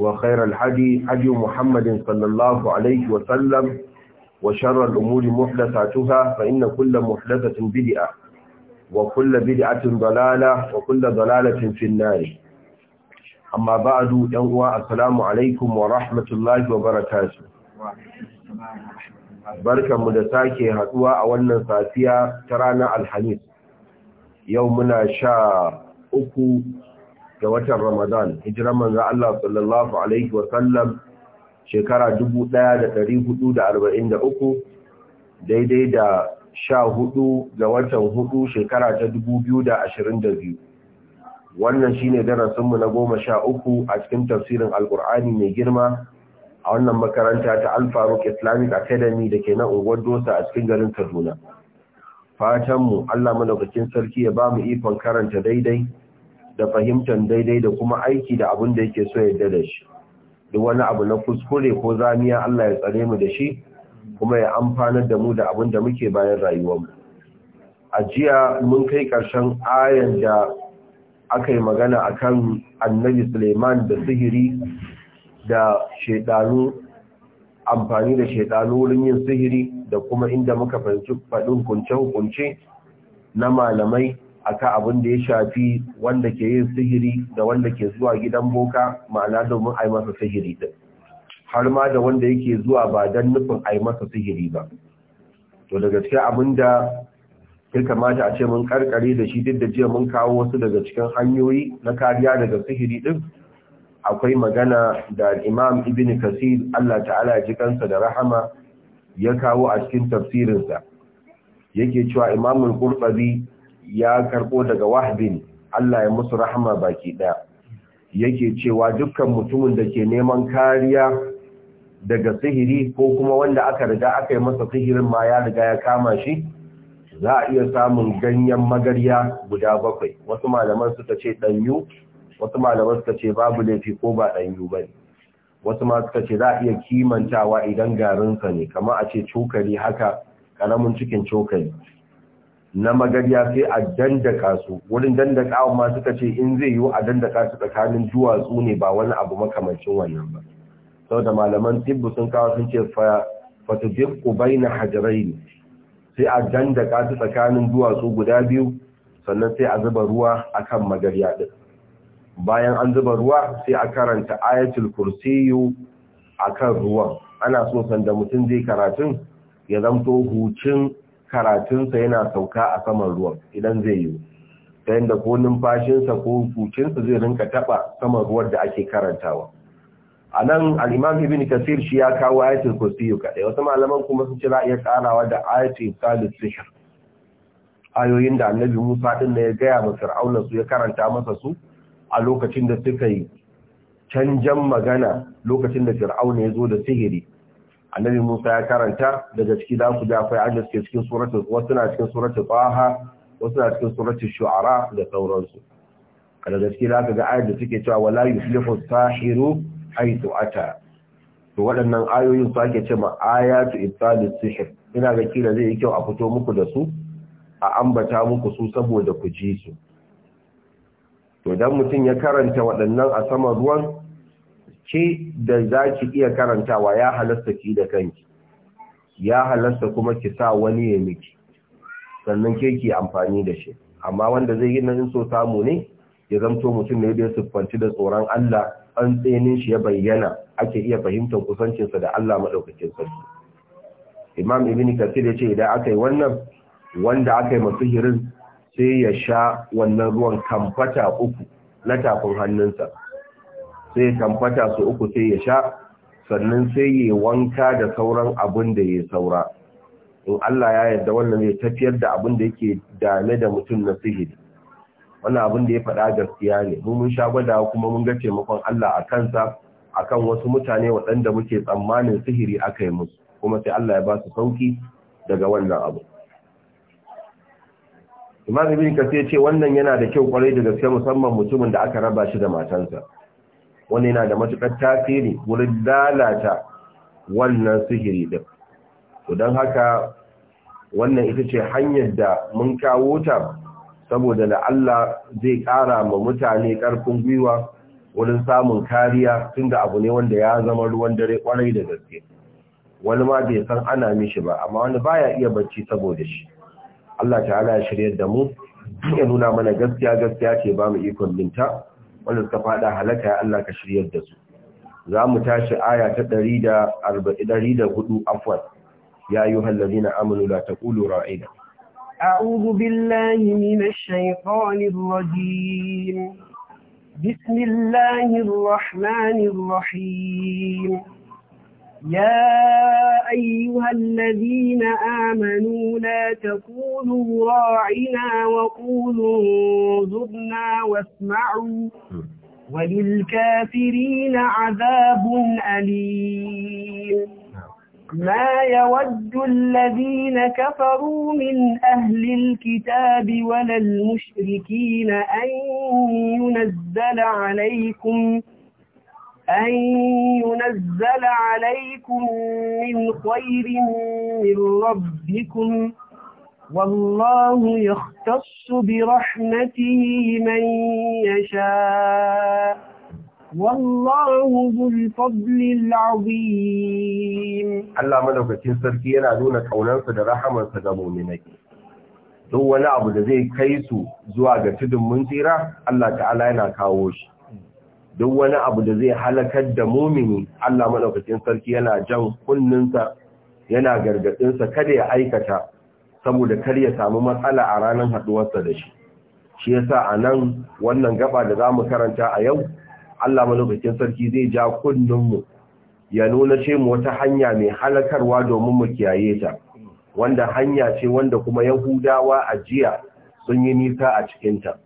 وخير الحدي حدي محمد صلى الله عليه وسلم وشر الأمور محدثاتها فإن كل محدثة بدعة وكل بدعة ضلالة وكل ضلالة في النار أما بعد ينقوى السلام عليكم ورحمة الله وبركاته بركة مدساكي هدوى أولنا صافية ترانا الحنيف يومنا شاء أكو ga watan Ramadan, hijiran manzan Allah sallallahu Alaihi wasallam shekara 1443 daidai da sha hudu ga watan hudu shekara ta 2022. Wannan shi ne mu na goma sha uku a cikin tafsirin Alƙur'ani mai girma a wannan makaranta ta Alfaruk Islamic Academy da ke na unguwar Dosa a cikin garin Kaduna. Fatanmu Allah madaukakin sarki ya ba mu ikon karanta daidai da fahimtar daidai da kuma aiki da abin da yake so yadda da shi duk wani abu na kuskure ko zamiya Allah ya tsare mu da shi kuma ya amfanar da mu da abin da muke bayan rayuwarmu a jiya mun kai ƙarshen ayan da aka yi magana akan annabi suleiman da sihiri da shaidanu amfani da shaidanu wurin yin sihiri da kuma inda muka fahimci faɗin kunce-hukunce na malamai akan abin da ya shafi wanda ke yin sihiri da wanda ke zuwa gidan boka ma'ana domin a yi masa sihiri din har ma da wanda yake zuwa ba don nufin a yi masa sihiri ba to daga cikin abin da ya kamata a ce mun karkare da shi duk da jiya mun kawo wasu daga cikin hanyoyi na kariya daga sihiri din akwai magana da imam ibn kasir Allah ta'ala ya ji kansa da rahama ya kawo a cikin tafsirinsa yake cewa imamul qurtubi ya karbo daga wahbin Allah ya musu rahama baki daya yake cewa dukkan mutumin da ke neman kariya daga sihiri ko kuma wanda aka riga aka yi masa sihirin ma ya riga ya kama shi za a iya samun ganyen magarya guda bakwai wasu malaman suka ce ɗanyu wasu malaman suka ce babu laifi ko ba ɗanyu ba wasu ma suka ce za a iya kimantawa idan garinsa ne kamar a ce cokali haka ƙaramin cikin cokali na magarya sai a dandaka su wurin dandakawa ma suka ce in zai yiwu a dandaka su tsakanin duwatsu ne ba wani abu makamancin wannan ba Sau da malaman tibbu sun kawo sun ce na baina ne. sai a dandaka su tsakanin duwatsu guda biyu sannan sai a zuba ruwa akan magarya ɗin. bayan an zuba ruwa sai a karanta ayatul kursiyu kan ruwan ana so sanda mutum zai karatun ya zamto hucin karatunsa yana sauka a saman ruwan idan zai yi ta yadda ko numfashinsa ko hucinsa zai rinka taɓa saman ruwan da ake karantawa a nan al'imam ibn kasir shi ya kawo ayatul kursiyu kaɗai wasu malaman kuma sun cira iya karawa da ayatul salis sihir ayoyin da annabi musa ɗin da ya gaya ma fir'auna su ya karanta masa su a lokacin da suka yi canjan magana lokacin da fir'auna ya zo da sihiri annabi Musa ya karanta daga ciki za ku da akwai ajin cikin surata wasu na cikin surata Taha wasu na cikin surata Shu'ara da sauransu daga ciki za ka ga ayar da suke cewa wala yuflihu sahiru haythu ata to waɗannan ayoyin su ake cewa ayatu ibtalis sihr ina ga kila zai yi kyau a fito muku da su a ambata muku su saboda ku ji su to dan mutum ya karanta waɗannan a saman ruwan ce da za ki iya karantawa ya halasta ki da kanki ya halasta kuma ki sa wani ya miki sannan ke ki amfani da shi amma wanda zai yi nan so samu ne ya zamto mutum ne da ya siffanci da tsoron Allah an tsenin shi ya bayyana ake iya fahimtar kusancinsa da Allah maɗaukakin sarki imam ibn Kathir ya ce idan aka yi wannan wanda aka yi masihirin sai ya sha wannan ruwan kamfata uku na tafin hannunsa sai kamfata su uku sai ya sha sannan sai ya wanka da sauran abin da ya saura in Allah ya yarda wannan zai tafiyar da abin da yake dame da mutum na sihiri wannan abin da ya faɗa gaskiya ne mu mun sha gwada kuma mun ga taimakon Allah a kansa akan wasu mutane waɗanda muke tsammanin sihiri aka yi musu kuma sai Allah ya ba su sauki daga wannan abu Imam Ibn Kathir ce wannan yana da kyau kwarai da gaske musamman mutumin da aka raba shi da matansa Wani yana da matukar tasiri wurin lalata wannan sihiri ɗin. to don haka wannan ita ce hanyar da mun kawo ta saboda da Allah zai ƙara ma mutane ƙarfin gwiwa wurin samun kariya tunda abu ne wanda ya zama ruwan dare kwarai da gaske wani ma bai san ana mishi ba amma wani baya iya bacci saboda shi Allah ta'ala ya shiryar da mu ya nuna mana gaskiya gaskiya ce ba mu ikon binta wanda suka fada halaka ya Allah ka shiryar da su za mu tashi aya ta 144 afwan ya ayyuhal ladina amanu la taqulu ra'ina a'udhu billahi minash shaitanir rajim بسم الله الرحمن يا أيها الذين آمنوا لا تقولوا راعنا وقولوا انظرنا واسمعوا وللكافرين عذاب أليم ما يود الذين كفروا من أهل الكتاب ولا المشركين أن ينزل عليكم أن ينزل عليكم من خير من ربكم والله يختص برحمته من يشاء والله ذو الفضل العظيم الله ملوكتين سركي yana nuna kaunarsa da rahamarsa ga mu'minai duk wani abu da zai kai su zuwa ga tudun mun Allah ta'ala yana kawo shi duk wani abu da zai halakar da mumini Allah madaukakin sarki yana jan kunninsa yana gargadinsa kada ya aikata saboda kar ya samu matsala a ranar haɗuwarsa da shi shi yasa a nan wannan gaba da zamu karanta a yau Allah madaukakin sarki zai ja mu. ya nuna ce mu wata hanya mai halakarwa domin mu kiyaye ta wanda hanya ce wanda kuma Yahudawa a jiya sun yi nisa a cikinta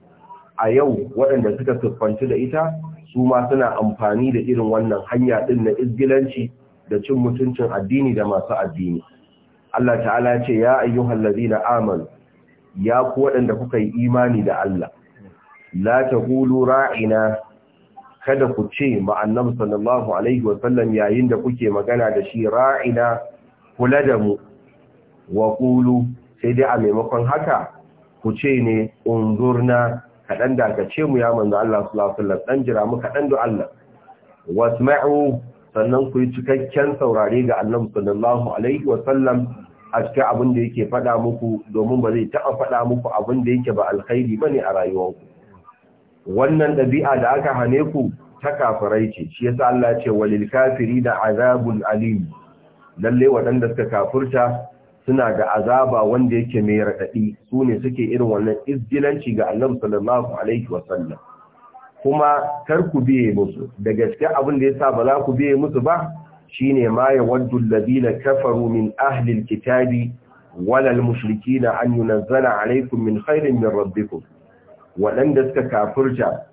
a yau waɗanda suka siffanci da ita su ma suna amfani da irin wannan hanya din na izgilanci da cin mutuncin addini da masu addini Allah ta'ala ya ce ya ayyuhal ladina amanu ya ku waɗanda kuka yi imani da Allah la taqulu ra'ina kada ku ce ma annabi sallallahu alaihi Wasallam yayin da kuke magana da shi ra'ina kula da mu wa qulu sai dai a maimakon haka ku ce ne unzurna kaɗan ce mu ya manzo Allah sallallahu alaihi wasallam dan jira mu kaɗan do Allah wasma'u sannan ku yi cikakken saurare ga Annabi sallallahu alaihi wasallam a cikin abin da yake faɗa muku domin ba zai taɓa faɗa muku abin da yake ba alkhairi bane a rayuwarku wannan ɗabi'a da aka hane ku ta kafirai ce shi yasa Allah ya ce walil kafiri da azabun alim lalle waɗanda suka kafurta suna da azaba wanda yake mai raɗaɗi su ne suke irin wannan izgilanci ga annabi sallallahu alaihi sallam kuma kar ku biye musu da gaske abin da yasa ba za ku biye musu ba shine ma waddu alladhina kafaru min ahli alkitabi wala mushrikina an yunzala alaikum min khairin min rabbikum waɗanda suka kafirta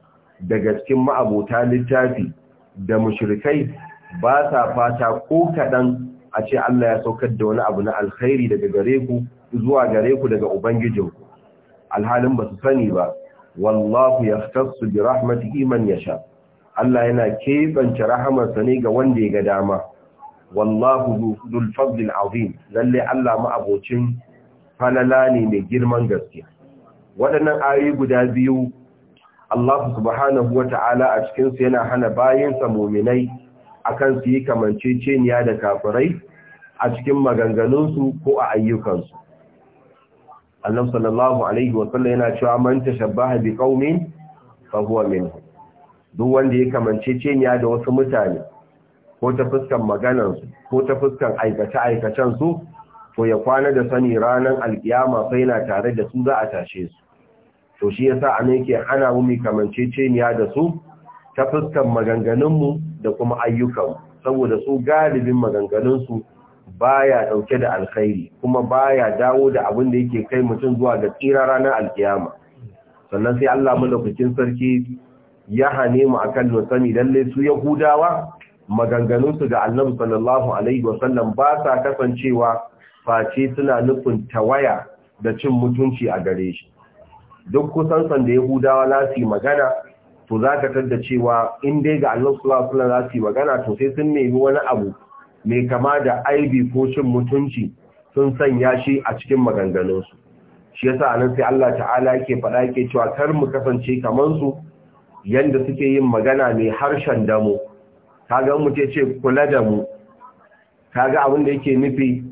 daga cikin ma'abota littafi da mushrikai ba sa fata ko kaɗan a ce Allah ya saukar da wani abu na alkhairi daga gare ku zuwa gare ku daga ubangijinku alhalin ba su sani ba wallahu yahtassu bi rahmatihi man yasha Allah yana kebance rahamarsa ne ga wanda ya ga dama wallahu dhul fadli azim lalle Allah ma abocin falala ne mai girman gaske. waɗannan ayoyi guda biyu Allah subhanahu Ta'ala a cikinsu yana hana bayinsa mu'minai akan su yi kamanceceniya da kafirai a cikin maganganunsu ko a ayyukansu Allah sallallahu alaihi wasallam yana cewa man tashabbaha bi qaumin fa huwa duk wanda ya kamanceceniya da wasu mutane ko ta fuskan maganansu ko ta fuskan aikace aikacensu su to ya kwana da sani ranar alkiyama sai yana tare da su za a tashe su to shi yasa anan ke ana mu kamance kamanceceniya da su ta fuskan maganganunmu da kuma ayyukan saboda su galibin maganganunsu baya dauke da alkhairi kuma baya dawo da abin da yake kai mutum zuwa ga tsira ranar alkiyama sannan sai Allah madaukakin sarki ya hane mu akan nusani lalle su yahudawa maganganunsu ga annabi sallallahu alaihi wasallam ba sa kasancewa face suna nufin tawaya da cin mutunci a gare shi duk kusan san da yahudawa lasi magana to za ka tarda cewa in dai ga Allah sallallahu alaihi wasallam za su magana to sai sun nemi wani abu mai kama da aibi ko cin mutunci sun sanya shi a cikin maganganunsu shi yasa anan sai Allah ta'ala yake faɗa yake cewa kar mu kasance kamar su yanda suke yin magana mai harshen damo kaga mu ce ce kula da mu kaga abin da yake nufi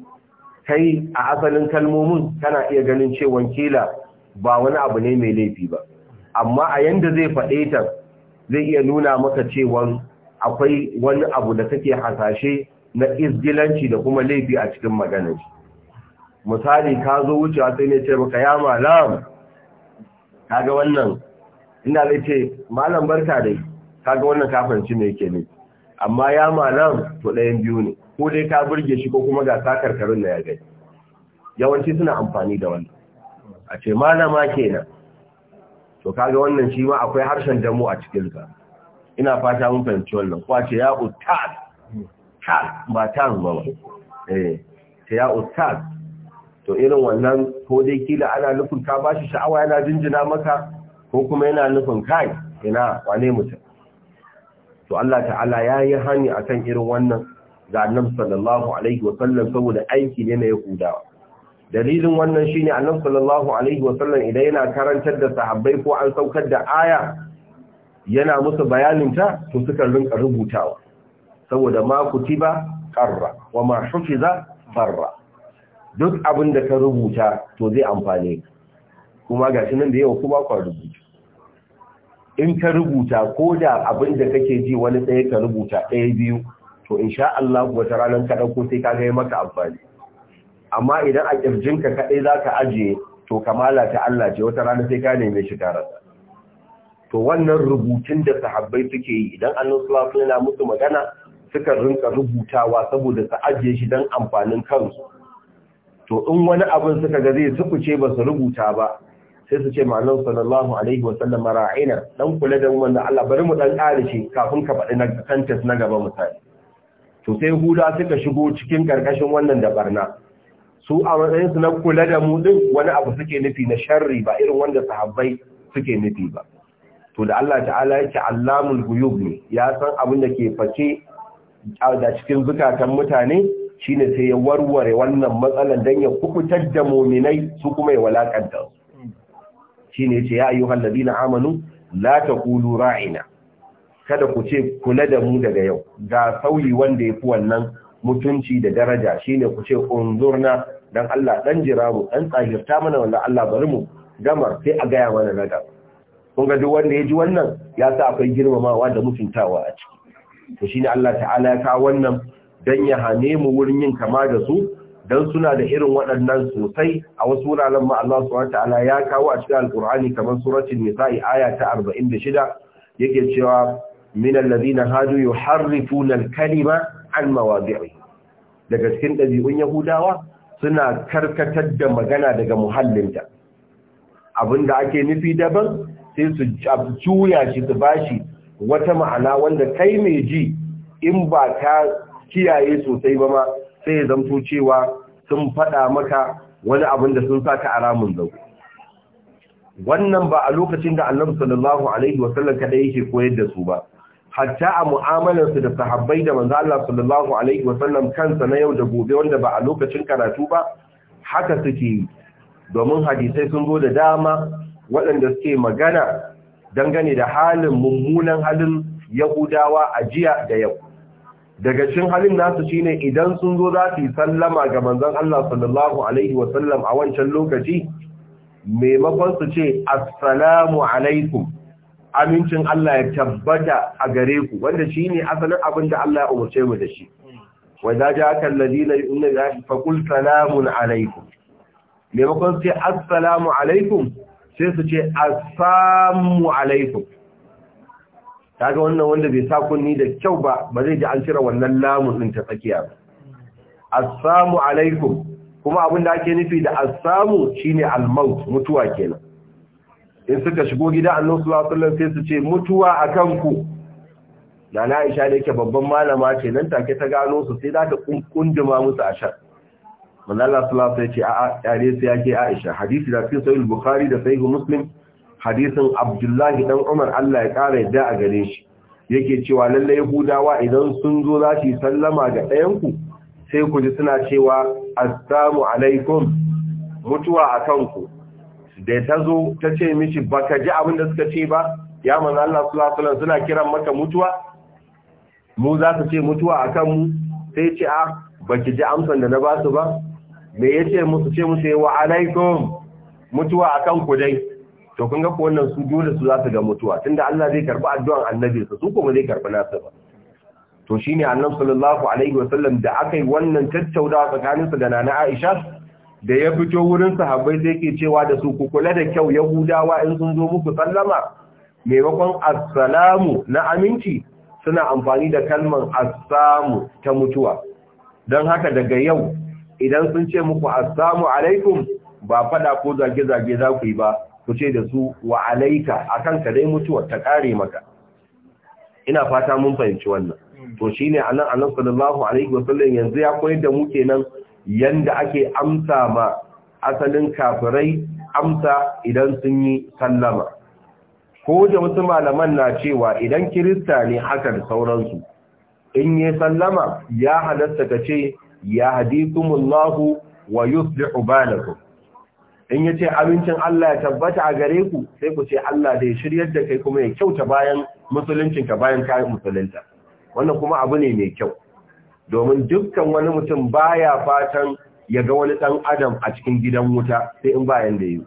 kai a asalin kalmomin kana iya ganin cewa kila ba wani abu ne mai laifi ba amma a yanda zai faɗe ta zai iya nuna maka cewa akwai wani abu da take hasashe na izgilanci da kuma laifi a cikin magana shi misali ka zo wucewa sai ne ce maka ya malam kaga wannan ina zai ce malam barka dai kaga wannan kafanci ne yake ne amma ya malam to ɗayan biyu ne ko dai ka burge shi ko kuma ga karkarun da ya gani yawanci suna amfani da wannan a ce malama kenan to kaga wannan shi ma akwai harshen damo a cikin ka ina fata mun fahimci wannan kwa ce ya ustaz ta ba ta ba ba eh ce ya ustaz to irin wannan ko dai kila ana nufin ka bashi sha'awa yana jinjina maka ko kuma yana nufin kai ina wane mutum to Allah ta'ala ya yi hani akan irin wannan ga annabi sallallahu alaihi wa sallam saboda aiki ne na Yahudawa dalilin wannan shine annabi sallallahu alaihi wasallam idan yana karantar da sahabbai ko an saukar da aya yana musu bayanin ta to suka rinka rubutawa saboda ma kutiba qarra wa ma hufiza barra duk abin da ka rubuta to zai amfane ka kuma gashi nan da yawa kuma ka rubuta in ka rubuta ko da abin da kake ji wani tsaye ka rubuta ɗaya biyu to insha Allah wata ranar ka ɗauko sai ka ga maka amfani amma idan a ka kaɗai za ka ajiye to kamala ta Allah ce wata rana sai ka neme shi karasa to wannan rubutun da sahabbai suke yi idan annabi sallallahu alaihi musu magana suka rinka rubutawa saboda su ajiye shi don amfanin kansu to in wani abin suka ga zai ce ba su rubuta ba sai su ce ma'anar sallallahu alaihi sallam ra'ina dan kula da wanda Allah bari mu dan ƙare shi kafin ka faɗi na kantas na gaba misali to sai huda suka shigo cikin karkashin wannan da barna su a matsayinsu na kula da mu din wani abu suke nufi na sharri ba irin wanda sahabbai suke nufi ba to da Allah ta'ala yake allamul ghuyub ne ya san abin da ke face da cikin zukatan mutane shine sai ya warware wannan matsalan dan ya kubutar da mu'minai su kuma ya Shi shine ce ya ayyuhal ladina amanu la taqulu ra'ina kada ku ce kula da mu daga yau ga sauyi wanda yafi wannan mutunci da daraja shine ku ce unzurna dan Allah dan jira mu dan tsahirta mana wallahi Allah bari mu gama sai a gaya mana naga kun ga duk wanda ya ji wannan ya sa akwai girmamawa da mutuntawa a ciki to shine Allah ta'ala ya kawo wannan dan ya hane mu wurin yin kama da su dan suna da irin waɗannan sosai a wasu wuraren ma Allah subhanahu ta'ala ya kawo a cikin alqur'ani kamar suratul nisa'i aya ta 46 yake cewa min alladhina hadu yuharrifuna al-kalima an mawadi'i daga cikin dabi'un yahudawa suna karkatar da magana daga muhallinta abinda ake nufi daban sai su juya shi su bashi wata ma'ana wanda kai mai ji in ba ka kiyaye sosai ba ma sai ya zamto cewa sun faɗa maka wani abin da sun saka a zau wannan ba a lokacin da annabi sallallahu alaihi wasallam kada yake koyar da su ba hatta a mu'amalarsu da sahabbai da manzo Allah sallallahu alaihi wasallam kansa na yau da gobe wanda ba a lokacin karatu ba haka suke yi domin hadisai sun zo da dama waɗanda suke magana dangane da halin mummunan halin Yahudawa a jiya da yau daga cikin halin nasu shine idan sun zo za su sallama ga manzon Allah sallallahu alaihi wasallam a wancan lokaci maimakon su ce assalamu alaikum amincin Allah ya tabbata a gare ku wanda shi ne asalin abin da Allah ya umarce mu da shi Wai za ja kan ladina inna ya fa qul salamun alaikum maimakon sai assalamu alaikum sai su ce assamu alaikum ga wannan wanda bai sa kunni da kyau ba ba zai ji an cire wannan lamun ɗin ta tsakiya ba assamu alaikum kuma abin da ake nufi da assamu shine ne almaut mutuwa kenan in suka shigo gida annabi sallallahu alaihi sai su ce mutuwa akan ku na Aisha da yake babban malama ce nan take ta gano su sai za ta kunduma musu a shar. Manzo Allah sallallahu alaihi ce a yare su yake Aisha hadisi da cikin sahih Bukhari da sahih Muslim hadisin Abdullahi, dan Umar Allah ya kara yadda a gare shi yake cewa lalle Yahudawa idan sun zo za su sallama ga ɗayan ku sai ku ji suna cewa assalamu alaikum mutuwa a kanku! da ta zo ta ce mishi ba ka ji abin da suka ce ba ya manzo Allah sallallahu alaihi suna kiran maka mutuwa mu za su ce mutuwa akan mu sai ce a ah, baki ji amsan da na ba su ba me yace musu ce musu wa alaikum mutuwa akan ku dai to kun ga ko wannan su dole su za su ga mutuwa tunda Allah zai karbi addu'an annabi su kuma zai karbi nasu ba to shine annabi sallallahu alaihi wasallam da akai wannan tattaunawa tsakaninsa da nana Aisha da ya fito wurin sahabbai sai ke cewa da su ku kula da kyau yahudawa in sun zo muku sallama maimakon assalamu na aminci suna amfani da kalman assamu ta mutuwa don haka daga yau idan sun ce muku assamu alaikum ba fada ko zage-zage za ku yi ba ku ce da su wa alaika kan ka dai mutuwa ta kare maka ina fata mun fahimci wannan to shine anan annabi sallallahu alaihi wasallam yanzu ya koyar da mu kenan yanda ake amsa ma asalin kafirai amsa idan sun yi sallama ko da wasu malaman na cewa idan kirista ne haka da sauransu in yi sallama ya halatta ka ce ya hadikumullahu wa yuslihu balakum in yace abincin Allah ya tabbata a gare ku sai ku ce Allah da ya shiryar da kai kuma ya kyauta bayan musuluncinka bayan kayan musulunta wannan kuma abu ne mai kyau domin dukkan wani mutum baya fatan ya ga wani ɗan adam a cikin gidan wuta sai in bayan da yi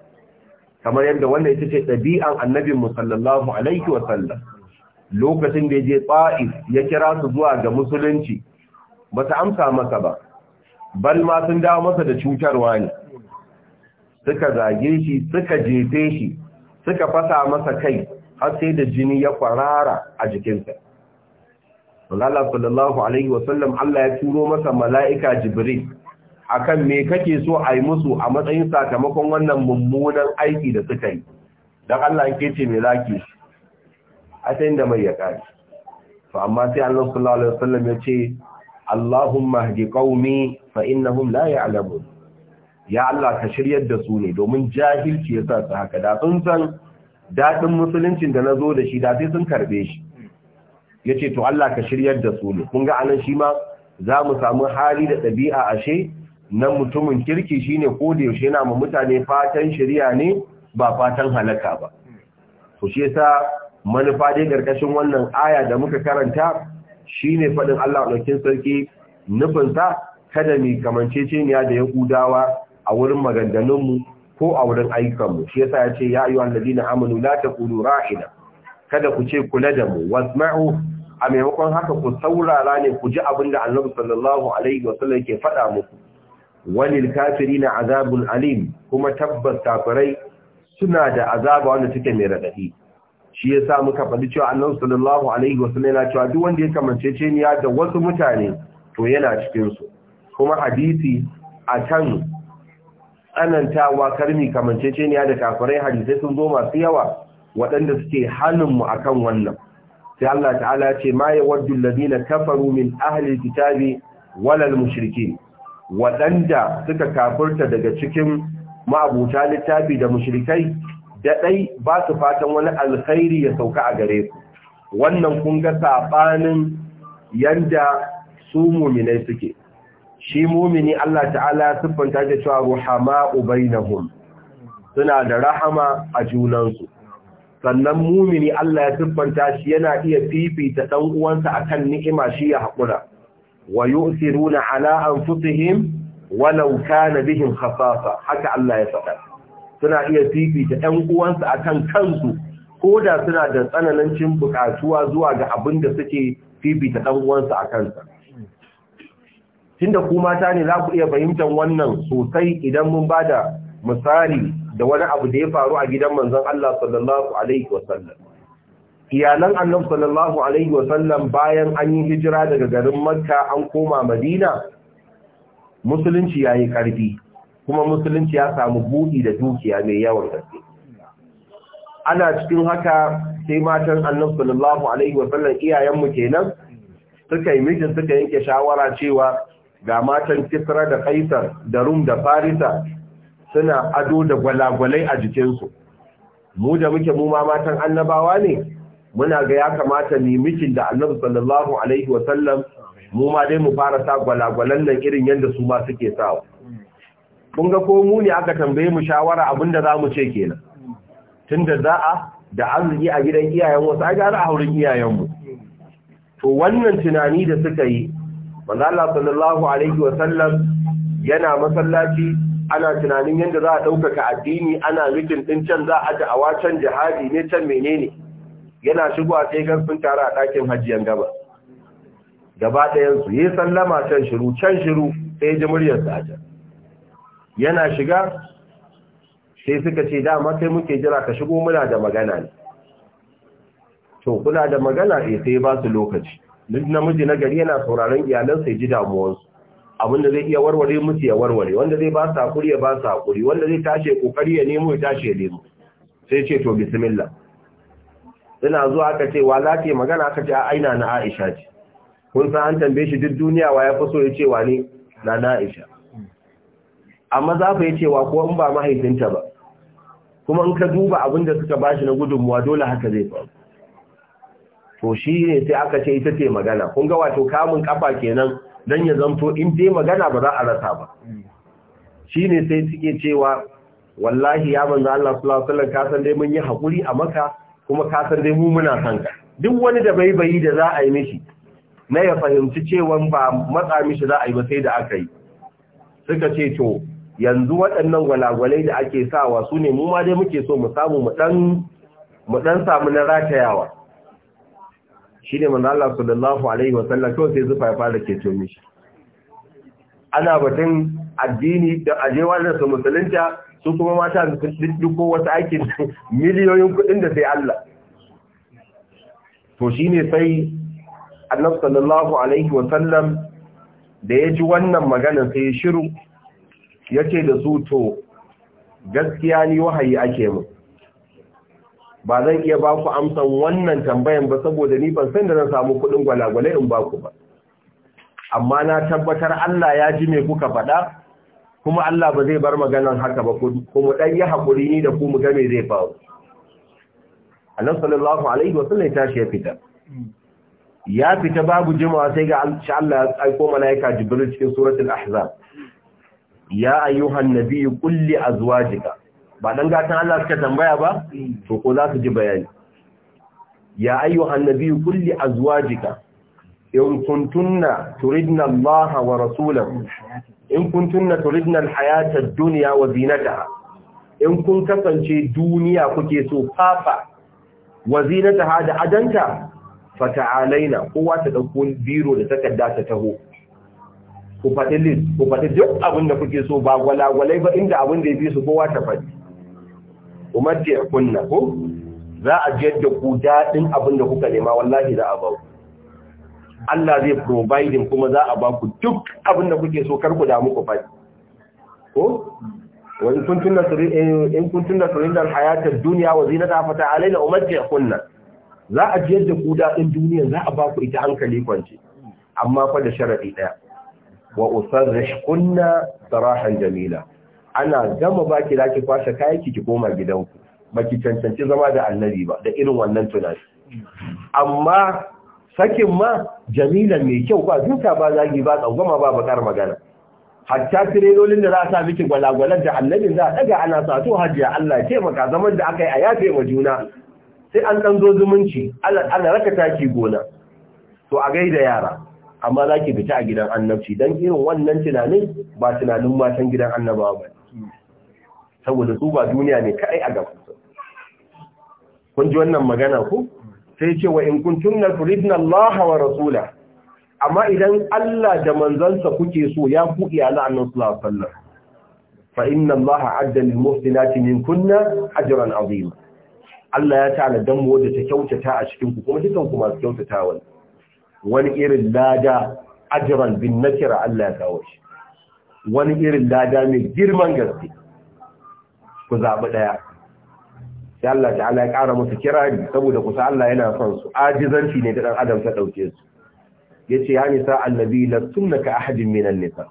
kamar yadda wannan ita ce ɗabi'an Annabi musallallahu alaihi wasallam lokacin da ya je ta'if ya kira su zuwa ga musulunci ba su amsa masa ba bal ma sun dawo masa da cutarwa ne suka zage shi suka jefe shi suka fasa masa kai har sai da jini ya kwarara a jikinsa Allah sallallahu alaihi wasallam Allah ya turo masa mala'ika Jibril akan me kake so a musu a matsayin sakamakon wannan mummunan aiki da suka yi don Allah ke ce me zaki a ta inda mai ya kare to amma sai Allah sallallahu alaihi wasallam ya ce Allahumma hdi qaumi fa innahum la ya'lamun ya Allah ka shiryar da su ne domin jahilci yasa su haka da sun san daɗin musuluncin da na zo da shi da sai sun karbe shi ya ce to Allah ka shiryar da su ne kun ga anan shi ma za mu samu hali da ɗabi'a ashe na mutumin kirki shine ko da yaushe yana ma mutane fatan shirya ne ba fatan halaka ba to shi yasa manufa dai karkashin wannan aya da muka karanta shine faɗin Allah ɗaukin sarki nufinsa kada mu kamanceceniya da Yahudawa a wurin maganganunmu ko a wurin ayyukanmu shi yasa ya ce ya ayyuhan ladina amanu la taqulu ra'ina kada ku ce kula da mu wasma'u a maimakon haka ku saurara ne ku ji abin da annabi sallallahu alaihi wasallam yake faɗa muku walil kafirina azabun alim kuma tabbas kafirai suna da azaba wanda suke mai radadi shi yasa muka faɗi cewa annabi sallallahu alaihi wasallam yana cewa duk wanda ya ce ni da wasu mutane to yana cikin su kuma hadisi a can tsanantawa karmi ce ni da kafirai hadisai sun zo masu yawa waɗanda suke hannun mu akan wannan sai Allah ta'ala ya ce ma yawaddu alladhina kafaru min ahli kitabi walal mushrikin waɗanda suka kafirta daga cikin ma'abuta littafi da mushrikai da dai ba su fatan wani alkhairi ya sauka a gare ku wannan kun ga sabanin yanda su muminai suke shi mumini Allah ta'ala siffanta da cewa ruhama bainahum suna da rahama a junansu sannan mumini Allah ya siffanta shi yana iya fifita dan uwansa akan ni'ima shi ya hakura wa yu'thiruna ala anfusihim walau kana bihim khasasa haka Allah ya faɗa suna iya fifita ɗan uwansa akan kansu ko da suna da tsananancin bukatuwa zuwa ga abin da suke fifita ɗan uwansa a kansa tunda ku mata ne za ku iya fahimtar wannan sosai idan mun ba da misali da wani abu da ya faru a gidan manzon Allah sallallahu alaihi wasallam iyalan annab sallallahu alaihi wasallam bayan an yi hijira daga garin makka an koma madina musulunci yayi karfi kuma musulunci ya samu buɗi da dukiya mai yawan gaske ana cikin haka sai matan annab sallallahu alaihi wasallam iyayen mu kenan suka yi mijin suka yanke shawara cewa ga matan Kisra da Kaisar da Rum da Farisa suna ado da gwalagwalai a jikinsu mu da muke mu matan annabawa ne muna ga ya kamata ni mijin da annabi sallallahu alaihi sallam mu ma dai mu fara sa gwalagwalan nan irin yadda su ma suke sawa kun ga ko mu ne aka tambaye mu shawara abinda za mu ce kenan tunda za a da arziki a gidan iyayen wasu ai gara a iyayen iyayenmu to wannan tunani da suka yi manzo Allah sallallahu alaihi sallam yana masallaci ana tunanin yadda za a ɗaukaka addini ana rikin ɗin can za a a can jihadi ne can menene yana shigo a tsegar sun tara a ɗakin hajjiyar gaba gaba ɗayansu yi sallama can shiru can shiru sai ji muryar a yana shiga sai suka ce dama sai muke jira ka shigo muna da magana ne to kuna da magana eh, sai ba su lokaci duk namiji na gari yana sauraron iyalansa ya ji damuwarsu abinda zai iya warware musu ya warware wanda zai ba su hakuri ya ba su hakuri wanda zai tashi kokari ya nemo ya tashi ya nemo sai ce to bismillah Ina zuwa aka ce wa za magana aka ce a aina na Aisha ce kun san an tambaye shi duk duniya wa ya fi so ya ce wa ne na na Aisha amma za ku ya cewa wa ko in ba mahaifinta ba kuma in ka duba abin da suka bashi na gudunmuwa dole haka zai faru to shi ne sai aka ce ita ce magana kun ga wato kamun kafa kenan don ya zanto in dai magana ba za a rasa ba shi ne sai suke cewa wallahi ya manzo Allah sallallahu alaihi wasallam dai mun yi hakuri a maka kuma san dai mu muna duk wani da bai bayi da za a yi mishi na ya fahimci cewa ba matsa mishi za a yi ba sai da aka yi suka ce to yanzu waɗannan gwalagwalai da ake sawa su ne mu ma dai muke so mu samu mu ɗan samu na ratayawa Shi ne manzo Allah sallallahu alaihi wa sallam to sai zufa ya fara ke tome ana batun addini da aje da su musulunta su kuma mata su su ko wasu aikin miliyoyin kudin da sai Allah to shine sai annabi sallallahu alaihi wa sallam da ya ji wannan magana sai ya shiru yace da su to gaskiya ni wahayi ake mu ba zan iya ba ku amsan wannan tambayan ba saboda ni ban san da na samu kuɗin gwalagwale in ba ku ba amma na tabbatar Allah ya ji me kuka faɗa kuma Allah ba zai bar maganan haka ba kuma dan yi hakuri ni da ku mu game zai faru Allah sallallahu alaihi sallam, ya tashi ya fita ya fita babu jimawa sai ga insha Allah ya aiko malaika Jibril cikin suratul Ahzab ya ayyuhan nabiyyu qul li azwajika ba dan gatan Allah suka tambaya ba to ko za su ji bayani ya ayyuhan nabiyyu kulli azwajika in kuntunna turidna Allah wa rasulahu in kuntunna turidna al-hayata ad-dunya wa zinataha in kun kasance duniya kuke so fafa wa zinataha da adanta fata'alaina kowa ta dauko biro da takarda ta taho ku faɗi list ku faɗi duk abin da kuke so ba gwalagwalai ba inda abin da ya fi su kowa ta faɗi umarti kunna ko za a jiyar da ku daɗin abin da kuka nema wallahi za a ba ku Allah zai providing kuma za a ba ku duk abin da kuke so kar ku damu ku faɗi ko kuntun da kuntum in hayatar duniya wa hayata ta dunya wa zinataha fa a kunna za a jiyar da ku daɗin duniya za a ba ku ita hankali kwance amma fa da sharadi daya wa kunna sarahan jamila ana gama baki da ki kwashe kayanki ki koma gidanku baki cancanci zama da annabi ba da irin wannan tunani amma sakin ma jamilan mai kyau ba zuta ba zagi ba tsangwama ba bakar magana hatta tirelolin da za a sa miki gwalagwalar da annabin za a daga ana sa to hajiya Allah ya taimaka zaman da aka yi a yafe ma juna sai an dan zo zumunci ana raka taki gona to a gaida yara amma za ki fita a gidan annabci don irin wannan tunanin ba tunanin matan gidan annabawa ba saboda su ba duniya ne kaɗai a gaban kun ji wannan magana ku sai ce wa in kuntum na turidna Allah wa rasula amma idan Allah da manzansa kuke so ya ku iyala annabi sallallahu alaihi wasallam fa inna Allah adda lil muhsinati min kunna ajran azima Allah ya ta'ala dan mu da ta kyautata a cikin ku kuma dukan ku masu kyautatawa wani irin lada ajran bin nakira Allah ya kawo shi wani irin lada mai girman gaske ku zaɓi ɗaya sai Allah ta ala ya ƙara musu kirari saboda kusa Allah yana son su ajizanci ne da ɗan adam ta ɗauke su ya ce ya nisa annabi na tunna ka ahadin minan nisa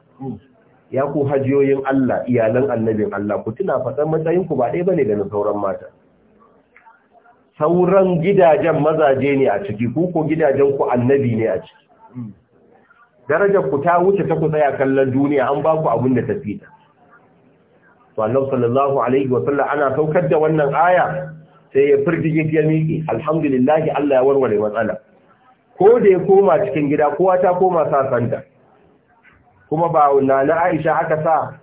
ya ku hajiyoyin Allah iyalan annabin Allah ku tuna faɗan matsayin ku ba ɗaya ba da na sauran mata sauran gidajen mazaje ne a ciki ku ko gidajen ku annabi ne a ciki darajar ku ta wuce ta ku tsaya kallon duniya an ba ku abin da ta fita to annabi sallallahu alaihi wa sallam ana saukar da wannan aya sai ya firgige ya miƙe alhamdulillah Allah ya warware matsala ko da ya koma cikin gida kowa ta koma sa sanda kuma ba na na Aisha aka sa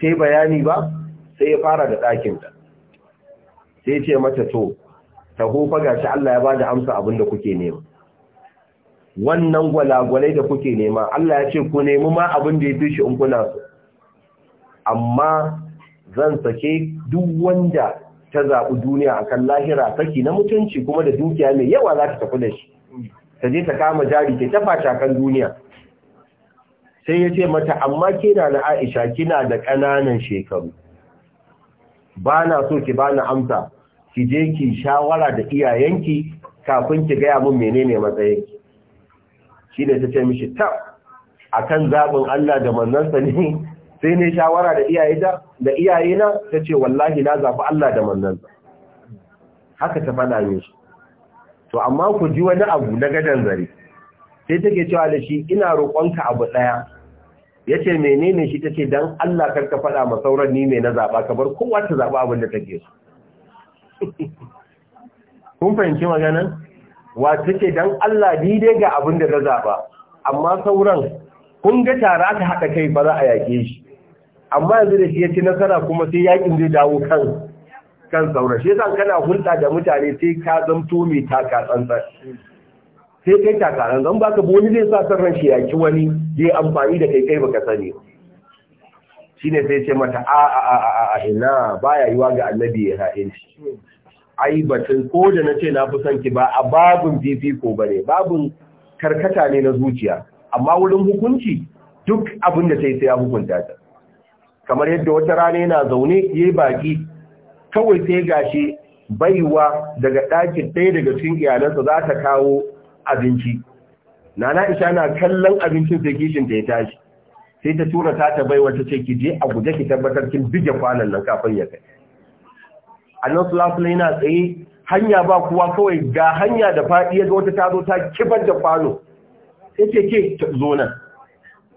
ta bayani ba sai ya fara da ɗakinta sai ce mata to ta hofa gashi Allah ya bada amsa abin da kuke nema wannan gwalagwalai da kuke nema Allah ya ce ku nemi ma abin da ya dushi in kuna so amma zan sake duk wanda ta zaɓi duniya akan lahira saki na mutunci kuma da dukiya mai yawa za ta tafi da shi ta je ta kama jari ta tafa shakan duniya sai ya ce mata amma kina na Aisha kina da ƙananan shekaru ba na so ki ba na amsa ki je ki shawara da iyayenki kafin ki gaya mun menene matsayinki shi ne ta ce mishi ta kan zaɓin Allah da manzansa ne sai ne shawara da iyaye da da iyaye na ce wallahi na zafi Allah da manzon haka ta fada ne shi to amma ku ji wani abu na gadan zare sai take cewa da shi ina roƙonka abu daya yace menene shi tace dan Allah kar ka fada ma sauran ni me na zaba ka bar kowa ta zaba abin da take so kun fahimci maganar wa tace dan Allah ni dai ga abin da na zaba amma sauran kun ga tara ta haɗa kai ba za a yake shi amma yanzu da shi ya ci nasara kuma sai yakin zai dawo kan kan saura shi yasa kana hulɗa da mutane sai ka zamto mai taka tsantsan sai kai taka zan baka ba zai sa san ran shi ki wani zai amfani da kai kai baka sani shine sai ce mata a a a a ina baya yiwa ga annabi ya ra'ayin ai batun ko da ce na fi son ki ba a babun fifiko bane babun karkata ne na zuciya amma wurin hukunci duk abin da sai sai ya hukunta ta kamar yadda wata rana yana zaune yayi baki kawai sai gashi baiwa daga ɗakin ɗaya daga cikin iyalansa za ta kawo abinci nana isha na kallon abincin sai kishin ta ya tashi sai ta tura ta ta baiwa ta ce ki je a guje ki tabbatar kin bige kwanan nan kafin ya kai annan sulasula yana tsaye hanya ba kuwa kawai ga hanya da faɗi ya ga wata ta zo ta kibar da kwano sai ce ke zo nan